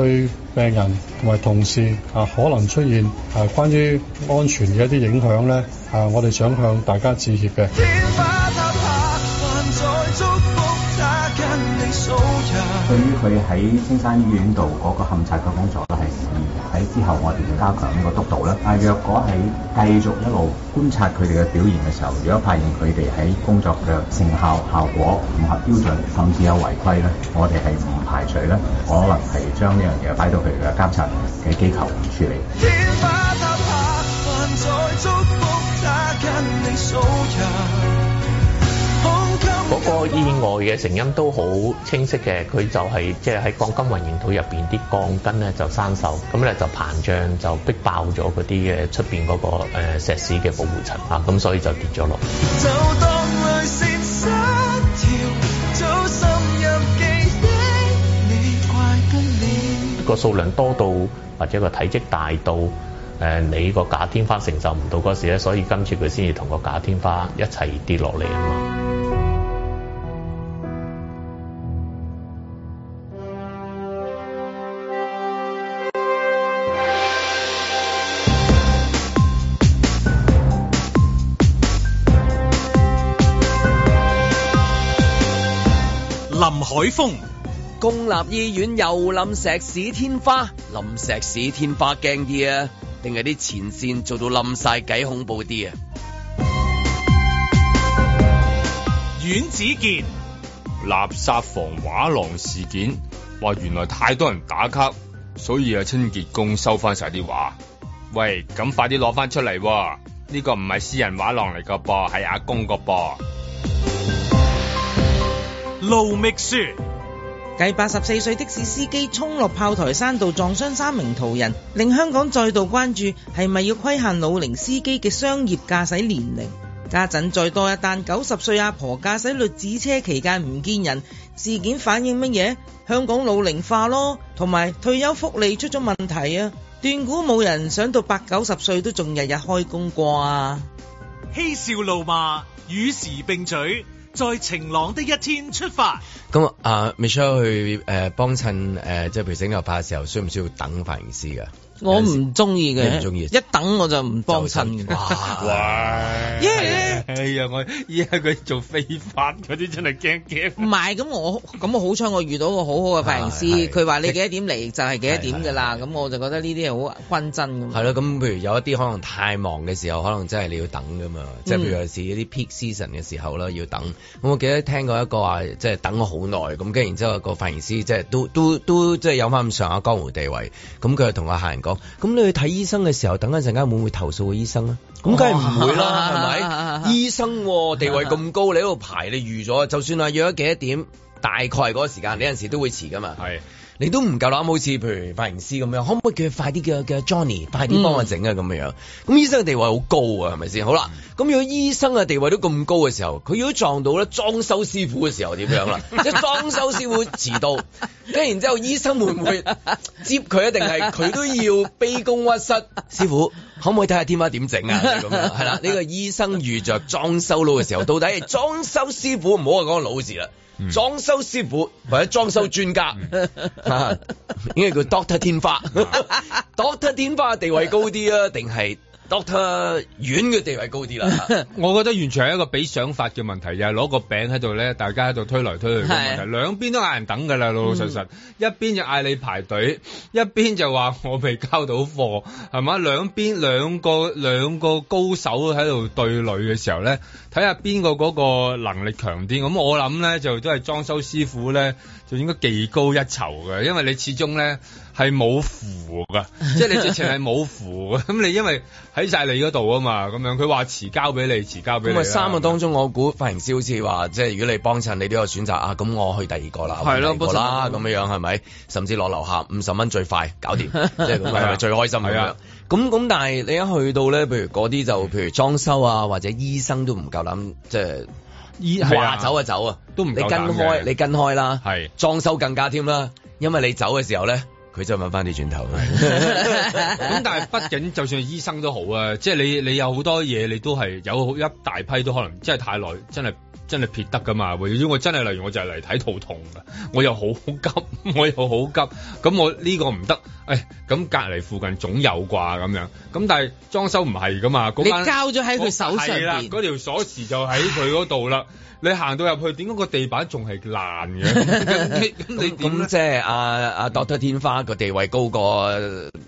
對病人同埋同事啊，可能出現啊，關於安全嘅一啲影響咧，啊，我哋想向大家致歉嘅。對於佢喺青山醫院度嗰個勘察嘅工作咧，係喺之後我哋要加強呢個督導啦。但，若果喺繼續一路觀察佢哋嘅表現嘅時候，如果發現佢哋喺工作嘅成效效果唔合標準，甚至有違規咧，我哋係唔排除咧，可能係將呢樣嘢擺到佢哋嘅監察嘅機構嚟處理。天嗰個意外嘅成因都好清晰嘅，佢就係即係喺鋼筋混凝土入面啲鋼筋咧，就生鏽，咁咧，就膨脹就逼爆咗嗰啲嘅出面嗰個誒石屎嘅保護層啊，咁所以就跌咗落，個數量多到或者個體積大到誒你個假天花承受唔到嗰時咧，所以今次佢先至同個假天花一齊跌落嚟啊嘛。海風，公立醫院又冧石屎天花，冧石屎天花驚啲啊，定係啲前綫做到冧晒，幾恐怖啲啊？阮子健，垃圾房畫廊事件，話原來太多人打卡，所以啊清潔工收翻晒啲畫，喂，咁快啲攞翻出嚟，呢個唔係私人畫廊嚟㗎噃，係阿公㗎噃。路覓樹，繼八十四歲的士司機衝落炮台山道撞傷三名途人，令香港再度關注係咪要規限老齡司機嘅商業駕駛年齡？家陣再多一單，九十歲阿婆駕駛律子車期間唔見人，事件反映乜嘢？香港老齡化咯，同埋退休福利出咗問題啊！斷估冇人想到八九十歲都仲日日開工啩，嬉笑怒罵與時並舉。在晴朗的一天出發。咁啊，Michelle 去誒幫襯誒，即係譬如整頭髮嘅時候，需唔需要等髮型師噶？我唔中意嘅，一等我就唔幫襯。喂，耶！哎呀，我依家佢做非法嗰啲真係驚驚。唔係，咁我咁我好彩，我遇到個好好嘅髮型師。佢話你幾多點嚟就係幾多點㗎啦。咁我就覺得呢啲係好均真咁。係咯，咁譬如有一啲可能太忙嘅時候，可能真係你要等㗎嘛。即係譬如有時啲 peak season 嘅時候啦，要等。咁我記得聽過一個話，即係等咗好耐咁，跟然之後個髮型師即係都都都即係有翻咁上下江湖地位。咁佢又同個客人講。咁你去睇醫生嘅時候，等一陣間會唔會，會投訴個醫生咧？咁梗係唔會啦，係咪？醫生、哦、地位咁高，你喺度排，你預咗，就算係約咗幾多點，大概係嗰個時間，你有陣時都會遲噶嘛。係。你都唔夠膽，好似譬如髮型師咁樣，可唔可以叫佢快啲叫叫 Johnny，快啲幫我整啊咁、嗯、樣。咁醫生嘅地位好高啊，係咪先？好啦，咁如果醫生嘅地位都咁高嘅時候，佢如果撞到咧裝修師傅嘅時候點樣啦？即係 裝修師傅遲到，跟然之後醫生會唔會接佢，一定係佢都要卑躬屈膝？ 師傅可唔可以睇下天花點整啊？係、就是、啦，呢、這個醫生遇着裝修佬嘅時候，到底裝修師傅唔好話講老字啦。裝修師傅或者裝修專家，應該叫 Doctor 天花，Doctor 天花地位高啲啊？定係？doctor 院嘅地位高啲啦， 我覺得完全係一個比想法嘅問題，又係攞個餅喺度咧，大家喺度推來推去嘅問題，的兩邊都嗌人等㗎啦，老老實實，嗯、一邊就嗌你排隊，一邊就話我未交到貨，係嘛？兩邊兩個兩個高手喺度對壘嘅時候咧，睇下邊個嗰個能力強啲。咁我諗咧就都係裝修師傅咧就應該技高一籌嘅，因為你始終咧。係冇符噶，即係你直情係冇符㗎。咁你因為喺晒你嗰度啊嘛，咁樣佢話辭交俾你，辭交俾你。咁咪三個當中，我估髮型師好似話，即係如果你幫襯，你都有選擇啊。咁我去第二個啦，係咯啦，咁樣樣係咪？甚至落樓下五十蚊最快搞掂，即係係咪最開心咁樣？咁咁，但係你一去到咧，譬如嗰啲就譬如裝修啊，或者醫生都唔夠膽，即係醫話走就走啊，都唔夠膽。你跟開，你跟開啦。係裝修更加添啦，因為你走嘅時候咧。佢就問翻啲轉頭，咁 但係畢竟就算係醫生都好啊，即係你你有好多嘢，你都係有好一大批都可能真係太耐，真係真係撇得噶嘛。如果我真係例如我就係嚟睇肚痛嘅，我又好急，我又好急，咁我呢個唔得，誒咁隔離附近總有啩，咁樣咁。但係裝修唔係噶嘛，你交咗喺佢手上，嗰條鎖匙就喺佢嗰度啦。 你行到入去，點解個地板仲係爛嘅？咁 那 你點咧？咁即係阿啊，啊 Doctor 天花個地位高過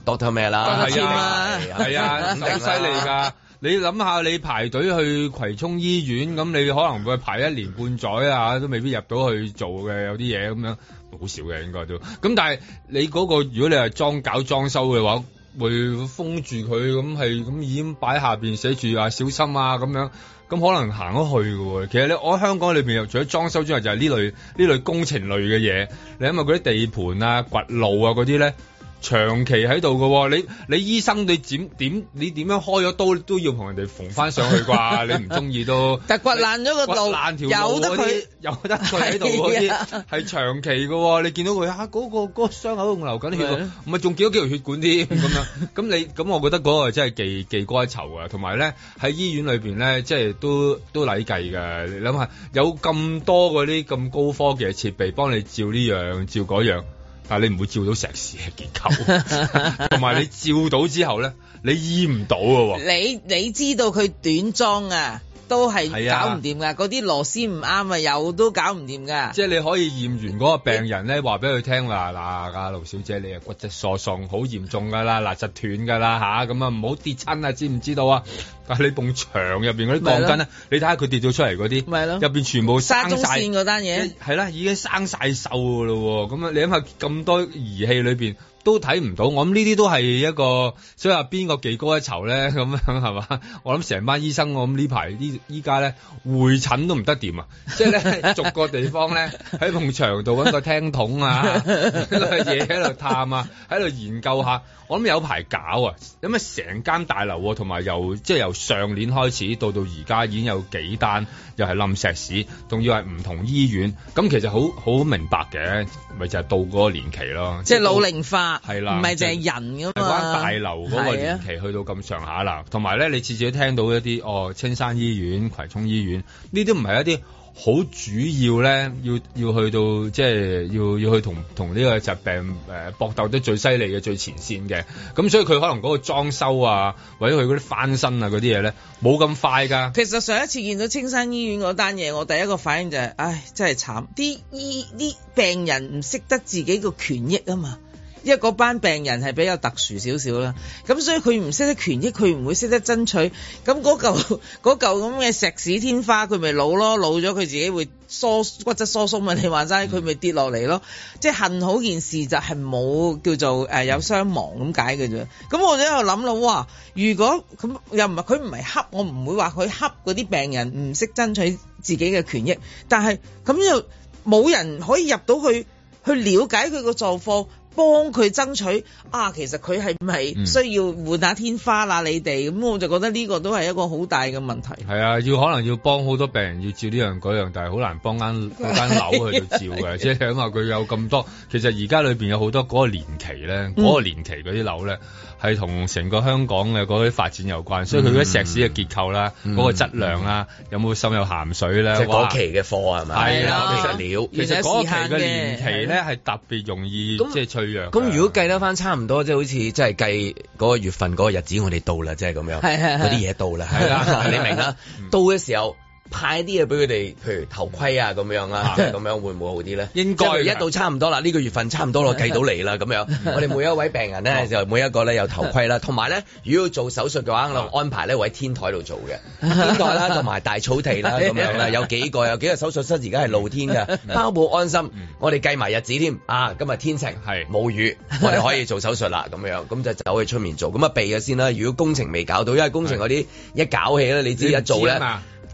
Doctor 咩啦？係啊，係啊，勁犀利㗎！你諗下，你排隊去葵涌醫院，咁你可能會排一年半載啊，都未必入到去做嘅。有啲嘢咁樣好少嘅應該都。咁但係你嗰，那個，如果你係裝搞裝修嘅話，會封住佢，咁係咁已經擺下邊寫住啊，小心啊咁樣。咁可能行咗去嘅喎，其實咧，我喺香港裏邊又除咗裝修之外就，就係呢類呢類工程類嘅嘢，你諗下嗰啲地盤啊、掘路啊嗰啲咧。長期喺度嘅喎，你你醫生你剪點你點樣開咗刀都要同人哋縫翻上去啩？你唔中意都，但係掘爛咗個掘爛條路，有得佢有得佢喺度嗰啲係長期嘅喎。你見到佢嚇嗰個嗰傷口仲流緊血，唔係仲見到幾條血管添咁樣。咁你咁我覺得嗰個真係技技高一籌啊。同埋咧喺醫院裏邊咧，即係都都禮計嘅。你諗下有咁多嗰啲咁高科技嘅設備幫你照呢樣照嗰樣。但係，啊，你唔會照到石屎嘅結構，同埋 你照到之後咧，你醫唔到嘅喎。你你知道佢短裝啊。都係搞唔掂噶，嗰啲螺絲唔啱啊，有都搞唔掂噶。即係你可以驗完嗰個病人咧，話俾佢聽啦，嗱，阿盧、啊、小姐你啊骨質疏鬆，好嚴重噶啦，嗱就斷噶啦吓，咁啊唔好跌親啊，啊知唔知道啊？但係你棟牆入邊嗰啲鋼筋啊，你睇下佢跌咗出嚟嗰啲，入邊全部生晒嗰單嘢，係啦，已經生晒銹噶咯。咁啊，你諗下咁多儀器裏邊。都睇唔到，我諗呢啲都係一個，所以話邊個技高一籌咧咁樣係嘛？我諗成班醫生，我諗呢排呢而家咧會診都唔得掂啊！即係咧逐個地方咧喺埲牆度揾個聽筒啊，個嘢喺度探啊，喺度研究下。我諗有排搞啊，咁咪成間大樓，啊，同埋由即係由上年開始到到而家已經有幾單又係冧石屎，仲要係唔同醫院。咁其實好好明白嘅，咪就係、是，到嗰個年期咯。即係老齡化。係啦，唔係淨係人噶嘛，關大樓嗰個年期去到咁上下啦。同埋咧，你次次都聽到一啲哦，青山醫院、葵涌醫院呢啲唔係一啲好主要咧，要要去到即係要要去同同呢個疾病誒、呃、搏鬥得最犀利嘅最前線嘅。咁所以佢可能嗰個裝修啊，或者佢嗰啲翻身啊嗰啲嘢咧，冇咁快噶。其實上一次見到青山醫院嗰單嘢，我第一個反應就係、是，唉，真係慘！啲醫啲病人唔識得自己個權益啊嘛。因為班病人係比較特殊少少啦，咁、嗯、所以佢唔識得權益，佢唔會識得爭取。咁嗰嚿咁嘅石屎天花，佢咪老咯？老咗佢自己會疏骨質疏鬆啊！你話齋佢咪跌落嚟咯？嗯、即係幸好件事就係冇叫做誒、呃、有傷亡咁解嘅啫。咁我喺度諗到，哇！如果咁又唔係佢唔係恰我，唔會話佢恰嗰啲病人唔識爭取自己嘅權益，但係咁又冇人可以入到去去了解佢個狀況。幫佢爭取啊！其實佢係唔係需要換下天花啦？你哋咁我就覺得呢個都係一個好大嘅問題。係啊，要可能要幫好多病人要照呢樣嗰樣，但係好難幫間間樓去照嘅。即係講下，佢有咁多，其實而家裏面有好多嗰個年期咧，嗰個年期嗰啲樓咧係同成個香港嘅嗰啲發展有關，所以佢啲石屎嘅結構啦、嗰個質量啦、有冇滲有鹹水啦，即係嗰期嘅貨係咪？係啦，其實其實嗰期嘅年期咧係特別容易即係咁如果計得翻、嗯、差唔多，即、就、係、是、好似即係計嗰個月份嗰個日子我，我哋到啦，即係咁樣，嗰啲嘢到啦，係啦、啊，啊、 你明啦，嗯、到嘅時候。派啲嘢俾佢哋，譬如頭盔啊咁樣啦，咁樣會唔會好啲咧？ 應該，應該一到差唔多啦，呢 個月份差唔多咯，計到嚟啦咁樣。 我哋每一位病人咧，就每一個咧有頭盔啦、啊，同埋咧，如果要做手術嘅話， 我哋安排咧會喺天台度做嘅。天台啦，同埋大草地啦咁樣啦，有幾個有幾個手術室，而家係露天嘅， 包保安心。我哋計埋日子添，啊，今日天晴，冇是雨，我哋可以做手術啦。咁樣，咁就走去出面做。咁啊，避咗先啦。如果工程未搞到，因為工程嗰啲一，是一搞起咧，你知一做咧。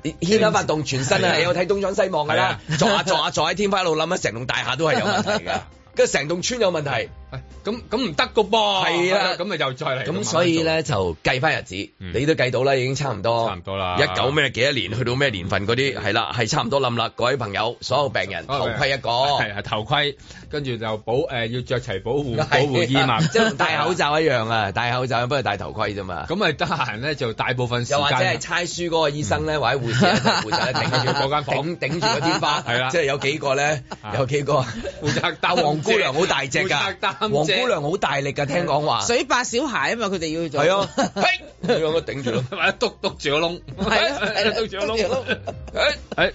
牽一髮動全身啊！啊你有睇東張西望噶啦、啊，啊、坐下坐下坐喺天花一路諗下，成棟大廈都係有問題噶，跟住成棟村有問題。咁咁唔得噶噃，係啊，咁啊又再嚟。咁所以咧就計翻日子，你都計到啦，已經差唔多，差唔多啦。一九咩幾多年去到咩年份嗰啲，係啦，係差唔多冧啦。各位朋友，所有病人頭盔一個，係係頭盔，跟住就保誒要着齊保護保護衣嘛，即戴口罩一樣啊，戴口罩不如戴頭盔啫嘛。咁咪得閒咧就大部分，又或者係猜書嗰個醫生咧或者護士，護士頂住嗰間房頂住個天花，係啦，即係有幾個咧，有幾個，負責但係黃姑娘好大隻噶。黃姑娘好大力噶，聽講話水八小孩啊嘛，佢哋要做係啊，你用 個頂住咯，或者篤篤住個窿，係，篤住 個窿，哎，哎。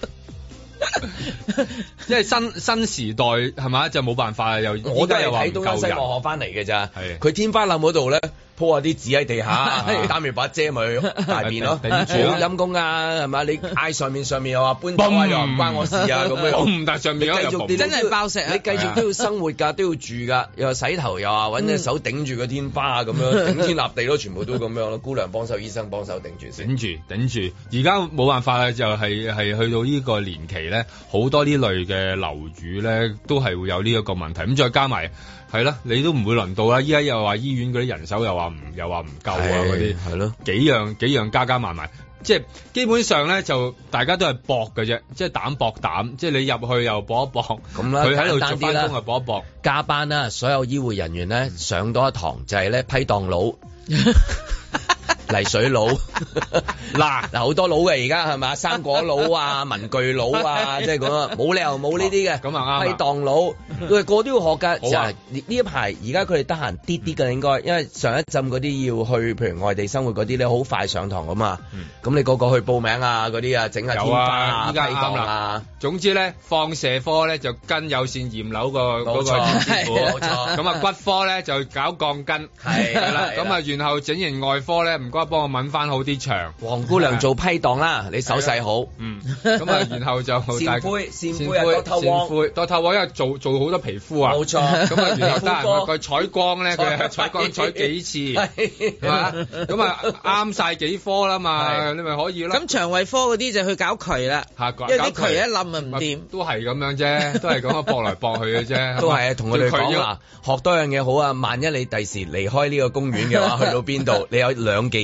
即係新新時代係嘛？就冇辦法又，我哋又睇到一西莫學翻嚟嘅咋？佢天花冧嗰度咧，鋪下啲紙喺地下，攤住把遮咪大便咯，住，陰公啊！係嘛？你嗌上面上面又話搬，又話唔關我事啊咁樣。唔但上邊真係爆石，你繼續都要生活㗎，都要住㗎。又話洗頭，又話揾隻手頂住個天花啊。咁樣，頂天立地咯，全部都咁樣咯。姑娘幫手，醫生幫手頂住先。頂住頂住，而家冇辦法啦，就係係去到呢個年期。咧好多類主呢類嘅樓宇咧，都係會有呢一個問題。咁再加埋係啦，你都唔會輪到啦。依家又話醫院嗰啲人手又話唔又話唔夠啊！嗰啲係咯，些的幾樣幾樣加加埋埋，即係基本上咧就大家都係搏㗎啫，即係膽薄膽，即係你入去又搏一搏咁啦。佢喺度做翻工又搏一搏，一加班啦、啊，所有醫護人員咧、嗯、上到一堂就係咧批檔佬。 泥水佬嗱嗱，好多佬嘅，而家係咪生果佬啊、文具佬啊，即係講，啊冇理由冇呢啲嘅批盪佬，佢哋個個都要學㗎哇。呢一排而家佢哋得閒啲啲嘅，應該，因為上一陣嗰啲要去譬如外地生活嗰啲咧，好快上堂啊嘛，咁你個個去報名啊，嗰啲啊整下天花啊批盪啊。總之咧放射科咧就跟有線驗樓個嗰個師傅咁啊，骨科咧就搞鋼筋係咁啊，然後整形外科咧唔啩，幫我揾翻好啲牆。黃姑娘做批檔啦，你手勢好，嗯，咁啊，然後就扇灰，扇灰啊，扇灰，剁頭王，剁頭王又做做好多皮膚啊，冇錯，咁啊，然後得閒佢採光咧，佢係採光採幾次，係嘛？咁啊，啱晒幾科啦嘛，你咪可以咯。咁腸胃科嗰啲就去搞渠啦，因為啲渠一冧啊唔掂。都係咁樣啫，都係咁樣，搏來搏去嘅啫。都係啊，同佢哋講嗱，學多樣嘢好啊，萬一你第時離開呢個公園嘅話，去到邊度，你有兩技。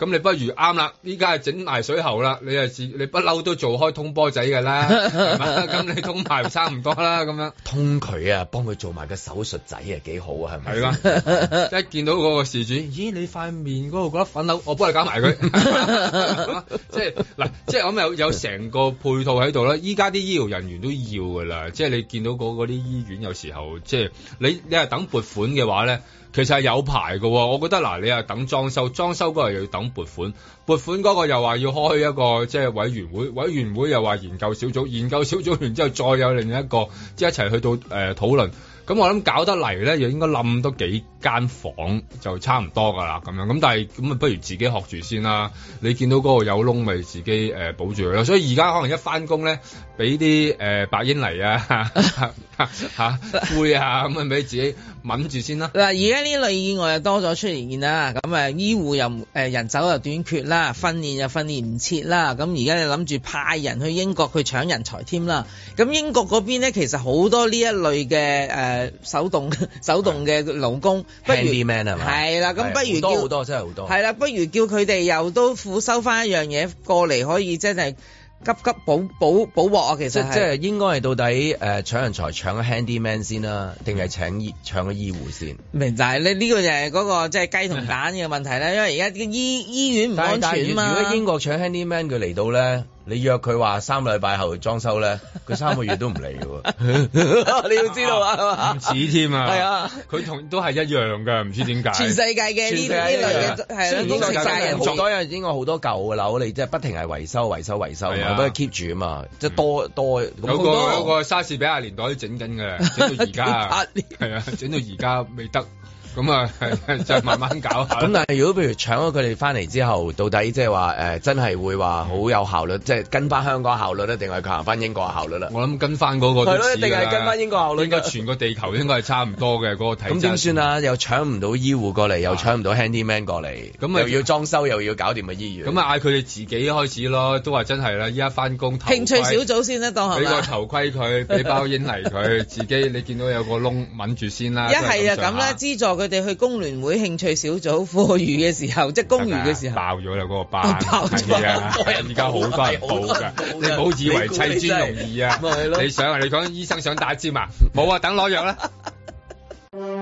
咁你不如啱啦，依家係整埋水喉啦，你係自你不嬲都做開通波仔嘅啦，係嘛？咁 你通埋差唔多啦，咁樣。通佢啊，幫佢做埋個手術仔啊，幾好啊，係咪？係啦、啊， 即係見到嗰個事主，咦？你塊面嗰度嗰粒粉瘤，我幫你搞埋佢 。即係嗱，即係咁有有成個配套喺度啦。依家啲醫療人員都要㗎啦，即係你見到嗰嗰啲醫院有時候，即係你你係等撥款嘅話咧。其實係有排㗎喎。我覺得嗱、啊，你又等裝修，裝修嗰個又要等撥款，撥款嗰個又話要開一個即係、就是、委員會，委員會又話研究小組，研究小組完之後再有另一個即係、就是、一齊去到呃、討論。咁、呃、我諗搞得嚟咧，又應該冧多幾間房就差唔多㗎啦咁樣。咁但係咁啊，不如自己學住先啦。你見到嗰個有窿，咪自己、呃、保住佢咯。所以而家可能一返工咧。俾啲誒白英嚟啊、灰啊咁啊，俾自己揾住先啦。嗱，而家呢類意外又多咗出現啦。咁啊，醫護又誒、呃、人手又短缺啦，訓練又訓練唔切啦。咁而家你諗住派人去英國去搶人才添啦。咁英國嗰邊咧，其實好多呢一類嘅誒、呃、手動手動嘅勞工，是不如 Handy man 係嘛吧？係啦，咁不如好多好多真係好多。係啦，不如叫佢哋又都付收翻一樣嘢過嚟，可以即係。急急補補補鑊啊！其實即係應該係到底誒搶、呃、人才搶個 handyman 先啦、啊，定係請醫搶個醫護先？明白，但係你呢個就係嗰個，即係雞同蛋嘅問題咧， 因為而家啲醫醫院唔安全啊嘛。如果英國搶 handyman，佢嚟到咧。你約佢話三個禮拜後裝修咧，佢三個月都唔嚟嘅喎，你要知道啊，唔似添啊，係啊，佢同都係一樣嘅，唔知點解全世界嘅呢呢類嘅係啊，全世界人好多人應該好多舊樓你即係不停係維修維修維修，咁 keep 住啊嘛，即係多多有個有個莎士比亞年代都整緊嘅，整到而家係啊，整到而家未得。咁啊，就係、慢慢搞。咁 但係如果譬如搶咗佢哋翻嚟之後，到底即係話誒真係會話好有效率，即、就、係、係、跟翻香港效率咧，定係行翻英國效率啦？我諗跟翻嗰個係咯，定係、嗯、跟翻英國效率？應該全個地球應該係差唔多嘅嗰 個體質。咁點算啊？那個、又搶唔到醫護過嚟，又搶唔到 Handyman 過嚟，咁、啊、又要裝修，又要搞掂個醫院。咁啊嗌佢哋自己開始咯，都話真係啦，依家翻工頭，興趣小組先啦、啊，當俾個頭盔佢，俾包煙嚟佢，自己你見到有個窿抿住先啦。一係啊，咁啦，資助。佢哋去工聯會興趣小組課餘嘅時候，即係公餘嘅時候爆咗啦，嗰、那個班係啊，啊而家好多人報，人好噶，你唔好以為砌磚容易啊？你，你，你想啊？ 你講醫生想打尖啊？冇 啊，等攞藥啦。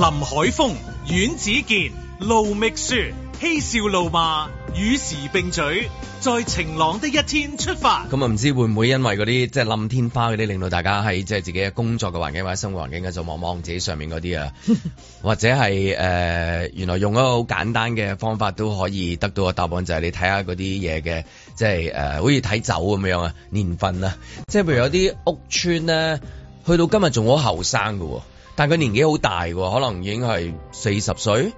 林海峰、阮子健。盧覓雪嬉笑怒罵與時並舉，在晴朗的一天出發。咁啊，唔知會唔會因為嗰啲即係冧天花嗰啲，令到大家喺即係自己嘅工作嘅環境或者生活環境嘅望望自己上面嗰啲啊， 或者係誒、呃，原來用一個好簡單嘅方法都可以得到個答案，就係、是、你睇下嗰啲嘢嘅即係誒，好似睇酒咁樣啊，年份啊，即係譬如有啲屋村咧，去到今日仲好後生噶，但佢年紀好大，可能已經係四十歲。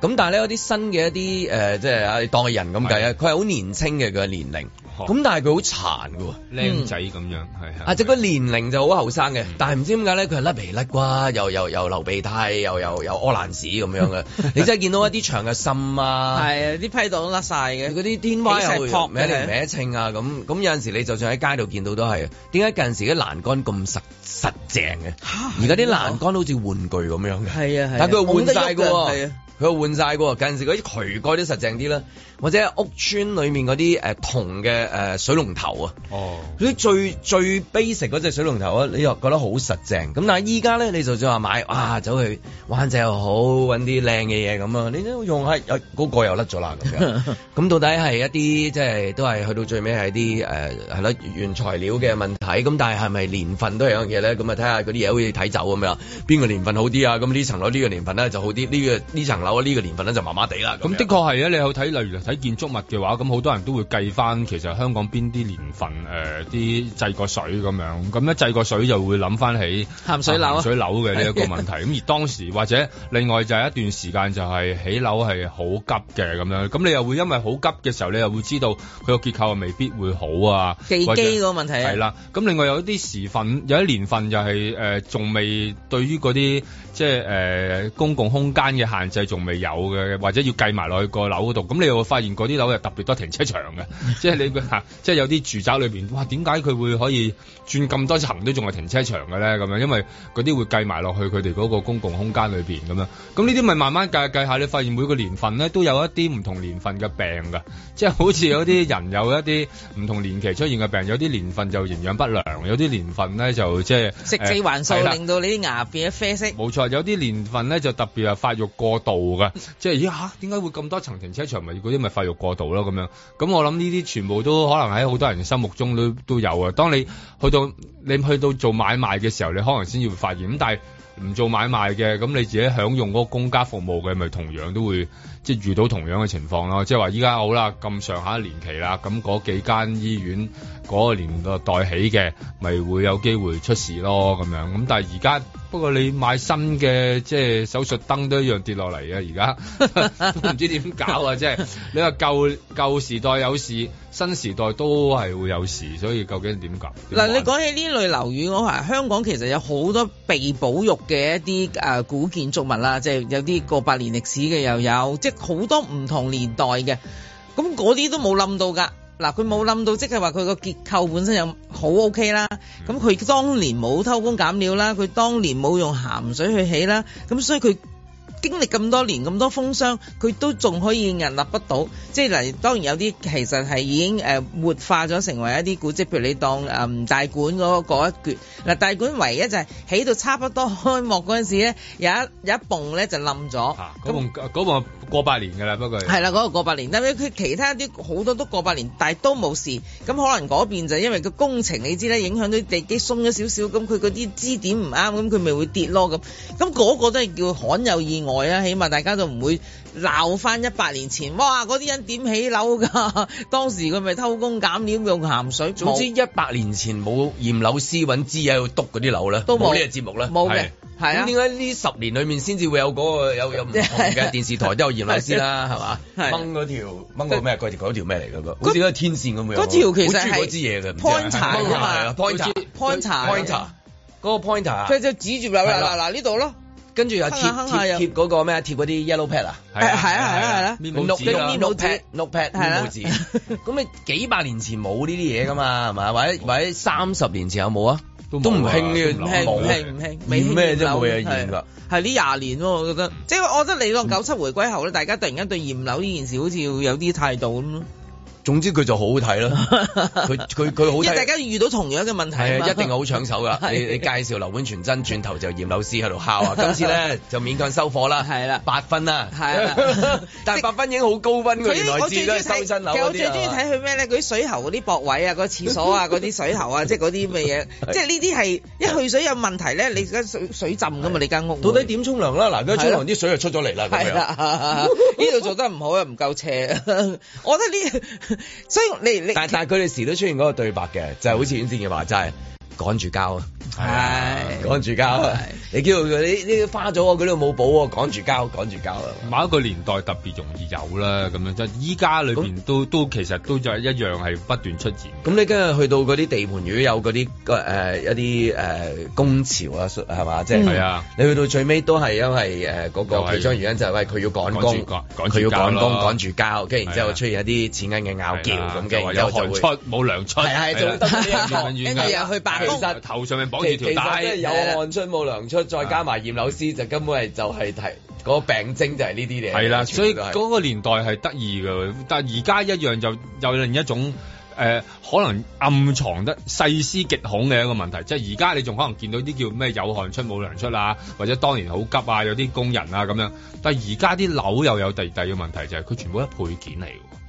咁但係咧有啲新嘅一啲誒，即係當人咁計啊，佢係好年青嘅佢嘅年齡。咁但係佢好殘嘅，靚仔咁樣係啊！即係個年齡就好後生嘅，但係唔知點解咧，佢係甩鼻甩瓜，又又又流鼻涕，又又又屙爛屎咁樣嘅。你真係見到一啲長嘅心啊！係啊！啲批盪都甩晒嘅。嗰啲天花又劈嚟劈清啊！咁咁有陣時你就算喺街度見到都係。點解近時啲欄杆咁實實正嘅？而家啲欄杆好似玩具咁樣嘅。係啊係。但佢換曬嘅佢換晒嘅喎，近時嗰啲渠蓋都實淨啲啦，或者屋村裏面嗰啲誒銅嘅誒、呃、水龍頭啊，哦、oh.，嗰啲最最 basic 嗰隻水龍頭啊，你又覺得好實淨，咁但係依家咧，你就再話買，啊，走去灣仔又好，揾啲靚嘅嘢咁啊，你都用下，誒嗰個又甩咗啦咁樣，咁 到底係一啲即係都係去到最尾係啲誒係咯原材料嘅問題，咁但係係咪年份都係一樣嘢咧？咁啊睇下嗰啲嘢好似睇走咁樣，邊個年份好啲啊？咁呢層樓呢、呢個年份咧就好啲，呢、呢個呢層。呢個呢個年份咧就麻麻地啦。咁的確係啊，你去睇例如睇建築物嘅話，咁好多人都會計翻其實香港邊啲年份啲製、呃、過水咁樣，咁一製過水就會諗翻起鹹水樓、鹹水樓嘅呢一個問題。咁的而當時或者另外就係一段時間就係、是、起樓係好急嘅咁樣，咁你又會因為好急嘅時候，你又會知道佢個結構啊未必會好啊，地基技機 者個問題。係啦，咁另外有一啲時份，有一年份就係仲未對於嗰啲即係公共空間嘅限制仲。仲未有嘅，或者要計埋落去個樓度。咁你又會發現嗰啲樓係特別多停車場嘅，即係 你即係、啊就是、有啲住宅裏面。哇，點解佢會可以轉咁多層都仲係停車場嘅咧？咁樣，因為嗰啲會計埋落去佢哋嗰個公共空間裏面。咁樣。咁呢啲咪慢慢計計下，你發現每個年份咧都有一啲唔同年份嘅病㗎，即、就、係、是、好似有啲人有一啲唔同年期出現嘅病， 有啲年份就營養不良，有啲年份咧就即係、呃、食四環素了，令到你啲牙變咗啡色。冇錯，有啲年份咧就特別係發育過度。嘅，即係咦吓，點解會咁多層停車場？咪如果啲咪發育過度咯咁樣。咁我諗呢啲全部都可能喺好多人心目中都都有啊。當你去到你去到做買賣嘅時候，你可能先至會發現，咁但係唔做買賣嘅，咁你自己享用嗰個公家服務嘅，咪同樣都會。即係遇到同樣嘅情況咯，即係話依家好啦，咁上下年期啦，咁嗰幾間醫院嗰個年代代起嘅，咪會有機會出事咯，咁樣咁。但係而家不過你買新嘅，即係手術燈都一樣跌落嚟啊。而家都唔知點搞啊！即係、 就是、你話舊舊時代有事，新時代都係會有事，所以究竟點搞？嗱，你講起呢類樓宇，我話香港其實有好多被保育嘅一啲誒、呃、古建築物啦，即係有啲過百年歷史嘅又有，即好多唔同年代嘅咁嗰啲都冇冧到㗎。嗱，佢冇冧到，即係話佢個結構本身又好 OK 啦。咁佢當年冇偷工減料啦，佢當年冇用鹹水去起啦。咁所以佢經歷咁多年咁多風霜，佢都仲可以屹立不倒。即係嗱，當然有啲其實係已經誒活化咗成為一啲古跡，譬如你當誒大館嗰一橛嗱，大館唯一就係起到差不多開幕嗰陣時咧，有一有一泵咧就冧咗嗰泵過百年㗎啦，不過係啦，嗰個過百年，但係佢其他啲好多都過百年，但係都冇事。咁可能嗰邊就因為個工程，你知咧，影響到地基鬆咗少少，咁佢嗰啲支點唔啱，咁佢咪會跌咯咁。咁嗰個都係叫罕有意外啊，起碼大家都唔會。鬧翻一百年前，哇！嗰啲人點起樓㗎？當時佢咪偷工減料用鹹水，總之一百年前冇驗樓師揾枝，喺度篤嗰啲樓咧，冇呢個節目咧，冇嘅。係啊，點解呢十年裡面先至會有嗰個有有唔同嘅電視台都有驗樓師啦？係嘛？掹嗰條掹咩？嗰條嗰條咩嚟㗎？嗰好似都係天線咁樣，嗰條其實係 pointer p o i n t e r p o i n t pointer pointer 即係指住嗱嗱呢度咯～跟住又貼貼貼嗰個咩啊？貼嗰啲 yellow pad 啊，係啊係啊係啊，六用 yellow pad，面膜紙，咁你幾百年前冇呢啲嘢噶嘛？係咪？或者或者三十年前有冇啊？都唔興嘅，興興冇興？驗咩啫？冇嘢驗㗎，係呢廿年咯，我覺得。即係我覺得嚟到九七回歸後咧，大家突然間對驗樓呢件事好似要有啲態度咁咯。總之佢就好好睇啦。佢佢佢好大家遇到同樣嘅問題，係一定好搶手噶。你你介紹樓盤傳真，轉頭就嚴柳師喺度敲，今次咧就勉強收貨啦，係啦，八分啦，係但係八分已經好高分嘅內資啦。收身樓嗰啲，我最中意睇佢咩咧？嗰啲水喉嗰啲博位啊，嗰啲廁所啊，嗰啲水喉啊，即係嗰啲咩嘢？即係呢啲係一去水有問題咧，你而家水水浸噶嘛？你間屋到底點沖涼啦？嗱，一沖涼啲水就出咗嚟啦。係呢度做得唔好呀唔夠斜，我覺得呢。 所以你但你，但但係佢哋時都出現嗰個對白嘅，就係好似遠志嘅話，真係趕住交。係趕住交，你叫佢啲啲花咗，佢都冇補喎，趕住交，趕住交。某一個年代特別容易有啦，咁樣就係依家裏邊都都其實都就係一樣係不斷出現。咁你跟住去到嗰啲地盤，如果有嗰啲誒一啲誒工潮啊，係嘛？即係係啊！你去到最尾都係因為誒嗰個其中原因就係喂佢要趕工，佢要趕工趕住交，跟住然之後出現一啲錢銀嘅拗撬咁跟住出冇糧出，係係，跟住又去白工，頭上面其實有汗出冇糧出，再加埋驗樓師，就根本係就係提、那個病徵就係呢啲嘢。係啦的，所以嗰個年代係得意噶，但係而家一樣就又另一種誒、呃，可能暗藏得細思極恐嘅一個問題。即係而家你仲可能見到啲叫咩有汗出冇糧出啦、啊，或者當年好急啊，有啲工人啊咁樣。但係而家啲樓又有第第二個問題就係、是、佢全部係配件嚟。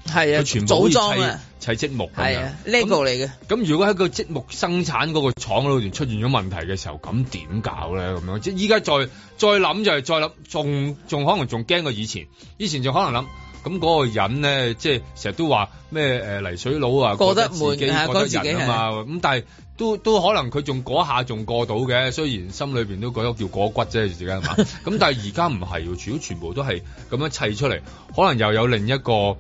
係啊，佢全部組裝啊，砌積木係啊，Lego 嚟嘅。咁如果喺個積木生產嗰個廠嗰度出現咗問題嘅時候，咁點搞咧？咁樣即係依家再再諗就係再諗，仲仲可能仲驚過以前。以前就可能諗咁嗰個人咧，即係成日都話咩誒泥水佬啊，過得自己，過得人啊嘛。咁的但係都都可能佢仲嗰下仲過到嘅，雖然心裏邊都覺得叫過骨啫，而家係嘛？咁但係而家唔係，全部全部都係咁樣砌出嚟，可能又有另一個。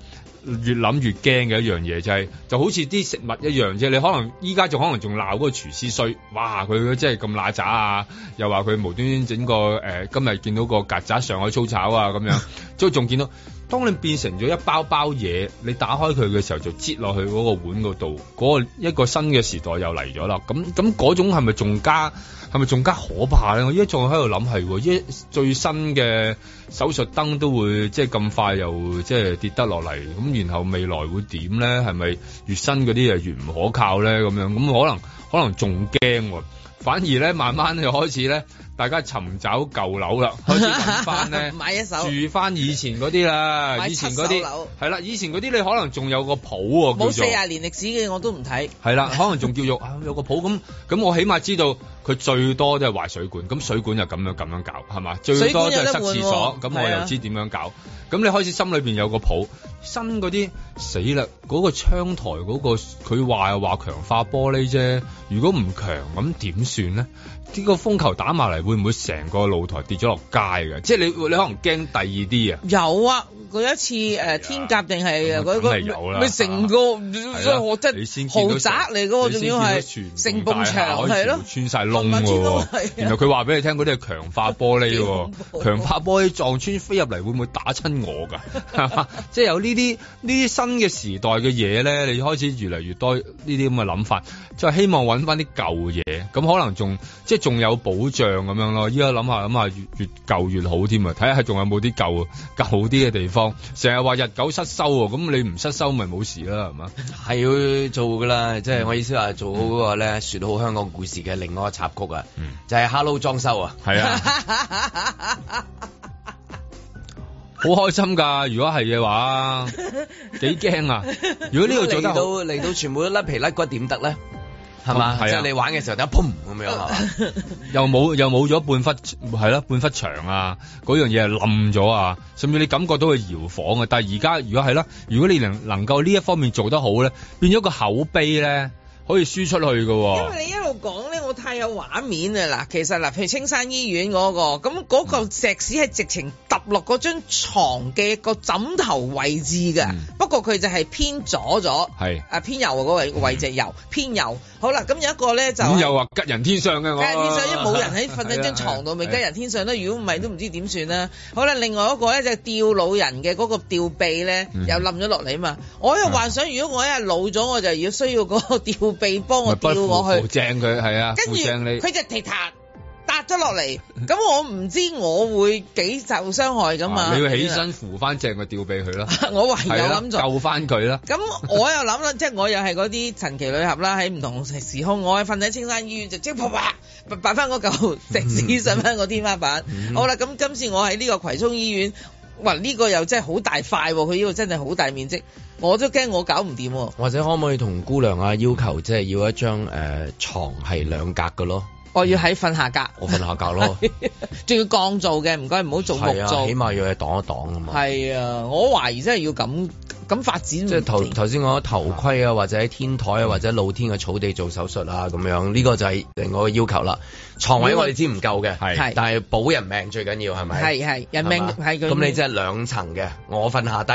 越諗越驚嘅一樣嘢就係，就,係、就好似啲食物一樣啫。你可能依家仲可能仲鬧嗰個廚師衰，哇！佢真係咁乸渣啊！又話佢無端端整個誒、呃，今日見到個曱甴上海粗炒啊咁樣，都仲見到。當你變成咗一包包嘢，你打開佢嘅時候就擠落去嗰個碗嗰度，嗰、嗰個一個新嘅時代又嚟咗啦。咁咁嗰種係咪仲加係咪仲加可怕咧？我依家仲喺度諗係，依最新嘅手術燈都會即係咁快又即係跌得落嚟，咁然後未來會點咧？係咪越新嗰啲嘢越唔可靠咧？咁樣咁可能可能仲驚，反而咧慢慢又開始咧。大家尋找舊樓啦，開始揾翻咧， 買一手住翻以前嗰啲啦，以前嗰啲係啦，以前嗰啲你可能仲有個譜喎，啊，冇四十年歷史嘅我都唔睇。係啦，可能仲叫做 啊有個譜咁，咁我起碼知道佢最多都係壞水管，咁水管就咁樣咁樣搞係嘛，最多都係塞廁所，咁我又知點樣搞，咁，啊、你開始心裏面有個譜。新嗰啲死啦，嗰，那個窗台嗰，那個佢話又話強化玻璃啫，如果唔強咁點算咧？呢個風球打埋嚟，會唔會成個露台跌咗落街嘅？即係你你可能驚第二啲啊？有啊，嗰一次誒天甲定係嗰個，咁係有啦，咪成個豪宅嚟嗰個仲要係成埲牆係咯，穿晒窿㗎喎。然後佢話俾你聽，嗰啲係強化玻璃，強化玻璃撞穿飛入嚟，會唔會打親我㗎？即係由呢啲呢啲新嘅時代嘅嘢咧，你開始越嚟越多呢啲咁嘅諗法，即係希望揾翻啲舊嘢，咁可能仲即仲有保障咁樣咯，依家諗下諗下越越舊越好添啊！睇下仲有冇啲舊舊啲嘅地方，成日話日久失修喎，咁你唔失修咪冇事啦，係嘛？係要做噶啦，即係我意思話做好嗰個咧說，好香港故事嘅另外一個插曲啊，就係 Hello 裝修啊，係啊，好開心噶！如果係嘅話，幾驚啊！如果呢度做得好，嚟到全部都甩皮甩骨點得咧？係嘛？即係、嗯、嗎你玩嘅時候，等一砰咁樣，係嘛 ？又冇又冇咗半忽，係啦，半忽長啊！嗰樣嘢係冧咗啊！甚至你感覺到佢搖晃嘅。但係而家如果係啦，如果你能能夠呢一方面做得好咧，變咗個口碑咧。可以輸出去㗎喎、哦，因為你一路講咧，我太有畫面啊！嗱，其實嗱，譬如青山醫院嗰、那個，咁嗰個石屎係直情揼落嗰張床嘅個枕頭位置嘅，嗯、不過佢就係偏左咗，係是啊偏右嗰個位位置右偏右。好啦，咁有一個咧就是、又話吉人天相嘅我，吉人天相因為冇人喺瞓喺張床度咪吉人天相咯， 如果唔係都唔知點算啦。好啦，另外一個咧就係吊老人嘅嗰個吊臂咧、嗯、又冧咗落嚟啊嘛，我又幻想的如果我一日老咗我就要需要嗰個吊。被幫我吊過去，扶扶正佢，係啊，跟住佢隻鐵塔，搭咗落嚟。咁我唔知我會幾受傷害㗎嘛？ 你要起身扶翻正個吊臂佢咯 ，我唯有諗救翻佢啦。咁 我又諗啦，即、就、係、是、我又係嗰啲神奇女俠啦，喺唔同時空，我係瞓喺青山醫院就即啪啪擺翻嗰嚿石屎上翻個天花板。 好啦，咁今次我喺呢個葵涌醫院。哇呢、呢個又真係好大塊喎、哦，佢呢個真係好大面積，我都驚我搞唔掂、哦。或者可唔可以同姑娘啊要求即係、就是、要一張誒、呃、床係兩格嘅咯？我要喺瞓下格、嗯，我瞓下格咯，仲 要鋼造嘅，唔該唔好做木造、啊，起碼要係擋一擋啊嘛。係啊，我懷疑真係要咁。咁發展即係頭先我頭盔啊，或者喺天台啊，或者露天嘅草地做手術啊，咁樣呢、這個就係另外嘅要求啦。床位為我哋知唔夠嘅，係是，是但係保人命最緊要係咪？係係人命係咁吧。咁你即係兩層嘅，我瞓下低，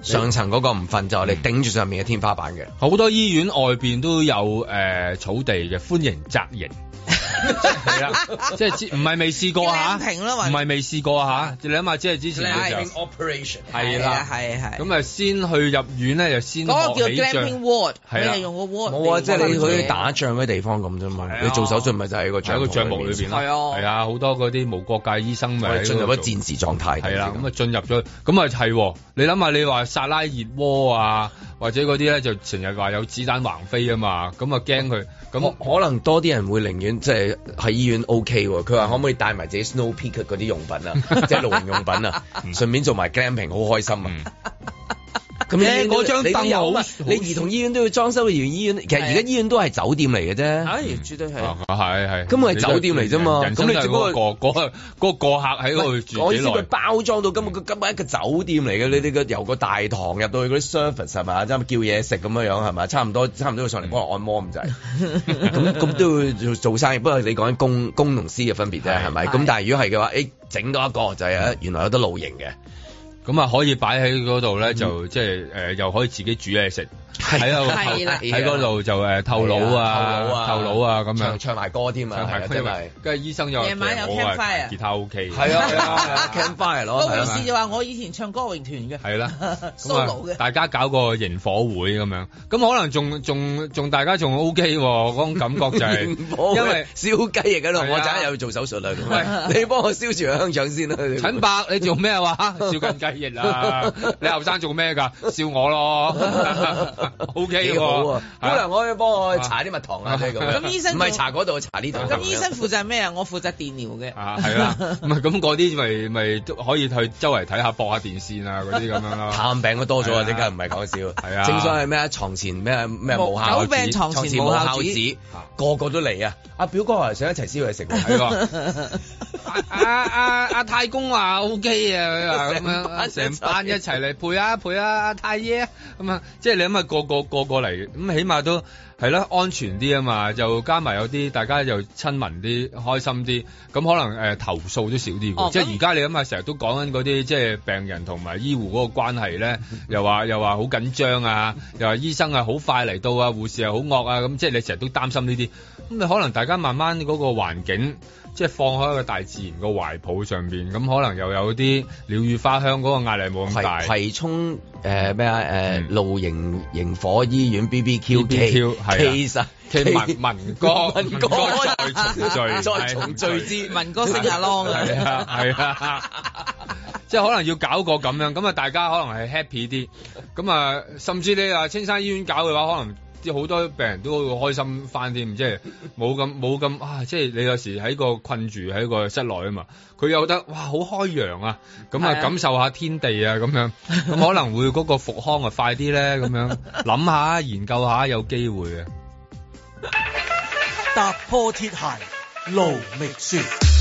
你上層嗰個唔瞓就我哋頂住上面嘅天花板嘅。好多醫院外面都有、呃、草地嘅，歡迎紮營。 係啦，即係唔係未試過吓？唔係未試過啊吓？你諗下，即係之前。你係 operation。係啦，係啊，係。咁啊，先去入院咧，就先。嗰個叫 glamping ward，你係用個 ward。冇啊，即係你去打仗嘅地方咁啫嘛。你做手術咪就喺個喺個帳篷裏邊啦。係啊，好多嗰啲無國界醫生咪進入咗戰時狀態。係啦，咁啊進入咗，咁啊係。你諗下，你話薩拉熱窩啊，或者嗰啲咧，就成日話有子彈橫飛啊嘛。咁啊驚佢。咁可能多啲人會寧願即係。喺醫院 O K 喎，佢話可唔可以帶埋自己 Snow Peak 嗰啲用品啊，即係露營用品啊，順便做埋 glamping，好開心啊！咩？嗰張凳又好，你兒童醫院都要裝修嘅兒童醫院。其實而家醫院都係酒店嚟嘅啫，嚇！絕對係，係係。係酒店嚟啫嘛。咁你只不過過客喺度住幾耐。我知佢包裝到根本根本一個酒店嚟嘅。你呢個由個大堂入到去嗰啲 service 係咪？差唔叫嘢食咁樣樣係咪？差唔多差唔多上嚟幫我按摩咁滯。咁咁都要做生意。不過你講緊公公同私嘅分別啫，係咪？咁但係如果係嘅話，誒整到一個就係啊，原來有得露營嘅。咁啊，可以擺喺嗰度咧，就即係誒，又可以自己煮嘢食。係啦，喺嗰度就誒透腦啊，透腦啊，咁樣唱埋歌添啊，因為跟住醫生又夜晚又 campfire OK，係啊 campfire 就話我以前唱歌詠團嘅，係啦，solo 嘅。大家搞個營火會咁樣，咁可能仲仲仲大家仲 OK 喎，嗰種感覺就係因為燒雞翼嗰度，我陣間又要做手術啊！你幫我燒住個香腸先啦，陳伯，你做咩話燒緊雞熱啦！你後生做咩㗎？笑我咯。O K，好啊。姑娘可以幫我搽啲蜜糖啊，係咁。咁醫生唔係查嗰度，查呢度。咁醫生負責咩啊？我負責電療嘅。啊，係啦。咁嗰啲，咪咪可以去周圍睇下，播下電線啊，嗰啲咁樣。探病都多咗啊！點解唔係講笑。係啊。正所謂咩床前咩咩無孝子，床前無孝子，個個都嚟啊！阿表哥話，想一齊燒嘢食。係啊！阿太公話 O K 啊，成班一齊嚟陪啊 陪啊太爺啊咁啊，即係你諗啊個個個個嚟，咁起碼都。係啦，安全啲啊嘛，就加埋有啲大家又親民啲，開心啲，咁可能誒、呃、投訴少、哦、都少啲，即係而家你諗下，成日都講緊嗰啲即係病人同埋醫護嗰個關係咧， 又話又話好緊張啊，又話醫生啊好快嚟到啊，護士啊好惡啊，咁即係你成日都擔心呢啲。咁你可能大家慢慢嗰個環境即係放開個大自然個懷抱上面，咁可能又有啲鳥語花香，嗰個壓力冇咁大。提提誒，咩啊、呃？誒、呃，露營營火醫院 B B Q BQ 係其實，實民民歌民歌再重聚 再重聚之民歌識下咯，係啊係啊，即係可能要搞個咁樣咁啊大家可能係 happy 啲，咁啊甚至你話青山醫院搞嘅話可能。啲好多病人都會開心翻添，即係冇咁冇咁啊！即係你有時喺個困住喺個室內啊嘛，佢又覺得哇好開揚啊，咁啊感受下天地啊咁樣，咁是、啊、可能會嗰個復康啊 快啲咧咁樣，諗下研究下有機會嘅。踏破鐵鞋無覓處。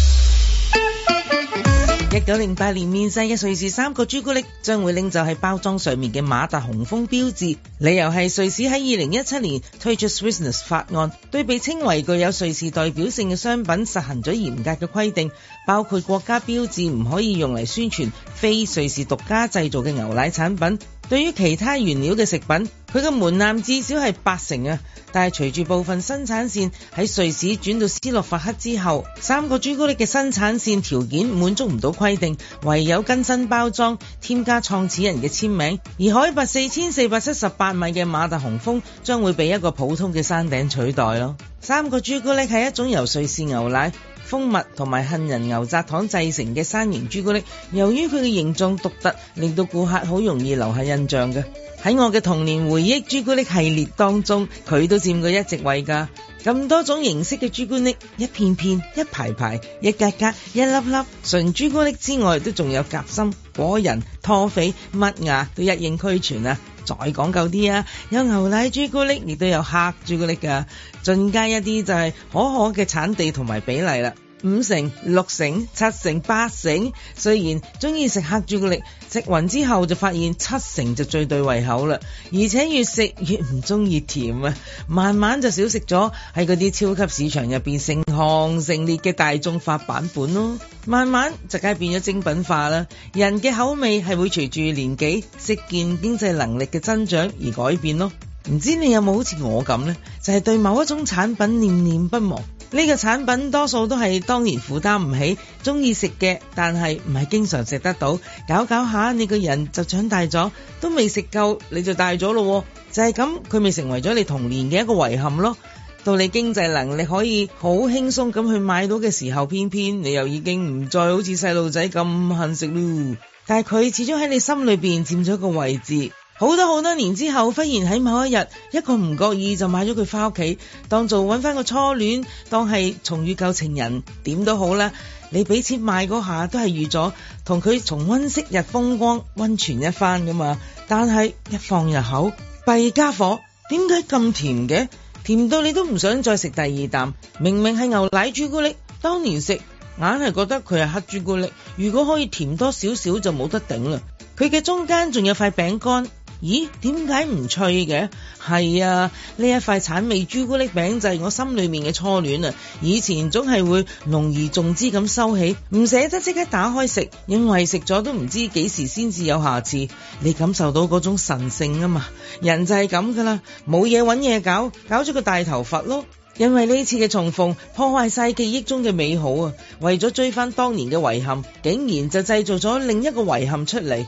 一九零八年面世嘅瑞士三角朱古力將會拎走喺包裝上面嘅馬特洪峰標誌，理由係瑞士喺二零一七年推出 Swissness 法案，對被稱為具有瑞士代表性嘅商品實行咗嚴格嘅規定，包括國家標誌唔可以用嚟宣傳非瑞士獨家製造嘅牛奶產品。對於其他原料嘅食品，佢嘅門檻至少係八成啊！但係隨住部分生產線喺瑞士轉到斯洛伐克之後，三個朱古力嘅生產線條件滿足唔到規定，唯有更新包裝，添加創始人嘅簽名。而海拔四千四百七十八米嘅馬特洪峰將會被一個普通嘅山頂取代咯。三個朱古力係一種由瑞士牛奶，蜂蜜同埋杏仁牛軋糖製成嘅山形朱古力，由於佢嘅形狀獨特，令到顧客好容易留下印象嘅。喺我嘅童年回憶朱古力系列當中，佢都佔過一席位噶。咁多種形式嘅朱古力，一片片、一排排、一格格、一粒粒，純朱古力之外，都仲有夾心果仁、拖肥、麥芽，都一應俱全啊！再講究啲啊，有牛奶朱古力，亦都有黑朱古力噶。進階一啲就係可可嘅產地同埋比例啦。五成、六成、七成、八成，雖然中意食黑朱古力，食匀之後就發現七成就最對胃口啦。而且越食越唔中意甜啊，慢慢就少食咗喺嗰啲超級市場入邊成行成列嘅大衆化版本咯。慢慢就介變咗精品化啦。人嘅口味係會隨住年紀、識見、經濟能力嘅增長而改變咯。唔知你有冇好似我咁呢？就係、是、對某一種產品念念不忘。呢個產品多數都係當年負擔唔起，中意食嘅，但係唔係經常食得到，搞搞下你個人就長大咗，都未食夠你就大咗咯。就係咁，佢咪成為咗你童年嘅一個遺憾咯。到你經濟能力可以好輕鬆咁去買到嘅時候，偏偏你又已經唔再好似細路仔咁恨食咯。但係佢始終喺你心裏邊佔咗一個位置。好多好多年之後，忽然喺某一日，一個唔覺意就買咗佢翻屋企，當做搵翻個初戀，當係重遇舊情人，點都好啦。你俾錢買嗰下都係預咗同佢重溫昔日風光溫泉一番噶嘛。但係一放入口，弊家伙，點解咁甜嘅？甜到你都唔想再食第二啖。明明係牛奶朱古力，當年食，硬係覺得佢係黑朱古力。如果可以甜多少少就冇得頂啦。佢嘅中間仲有塊餅乾。咦？點解唔脆嘅？係啊，呢一塊橙味朱古力餅就係我心裏面嘅初戀啊！以前總係會濃而重之咁收起，唔捨得即刻打開食，因為食咗都唔知幾時先至有下次。你感受到嗰種神聖啊嘛？人就係咁噶啦，冇嘢搵嘢搞，搞咗個大頭佛咯！因為呢次嘅重逢破壞晒記憶中嘅美好啊，為咗追翻當年嘅遺憾，竟然就製造咗另一個遺憾出嚟。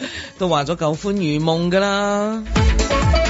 都話咗舊歡如夢噶啦～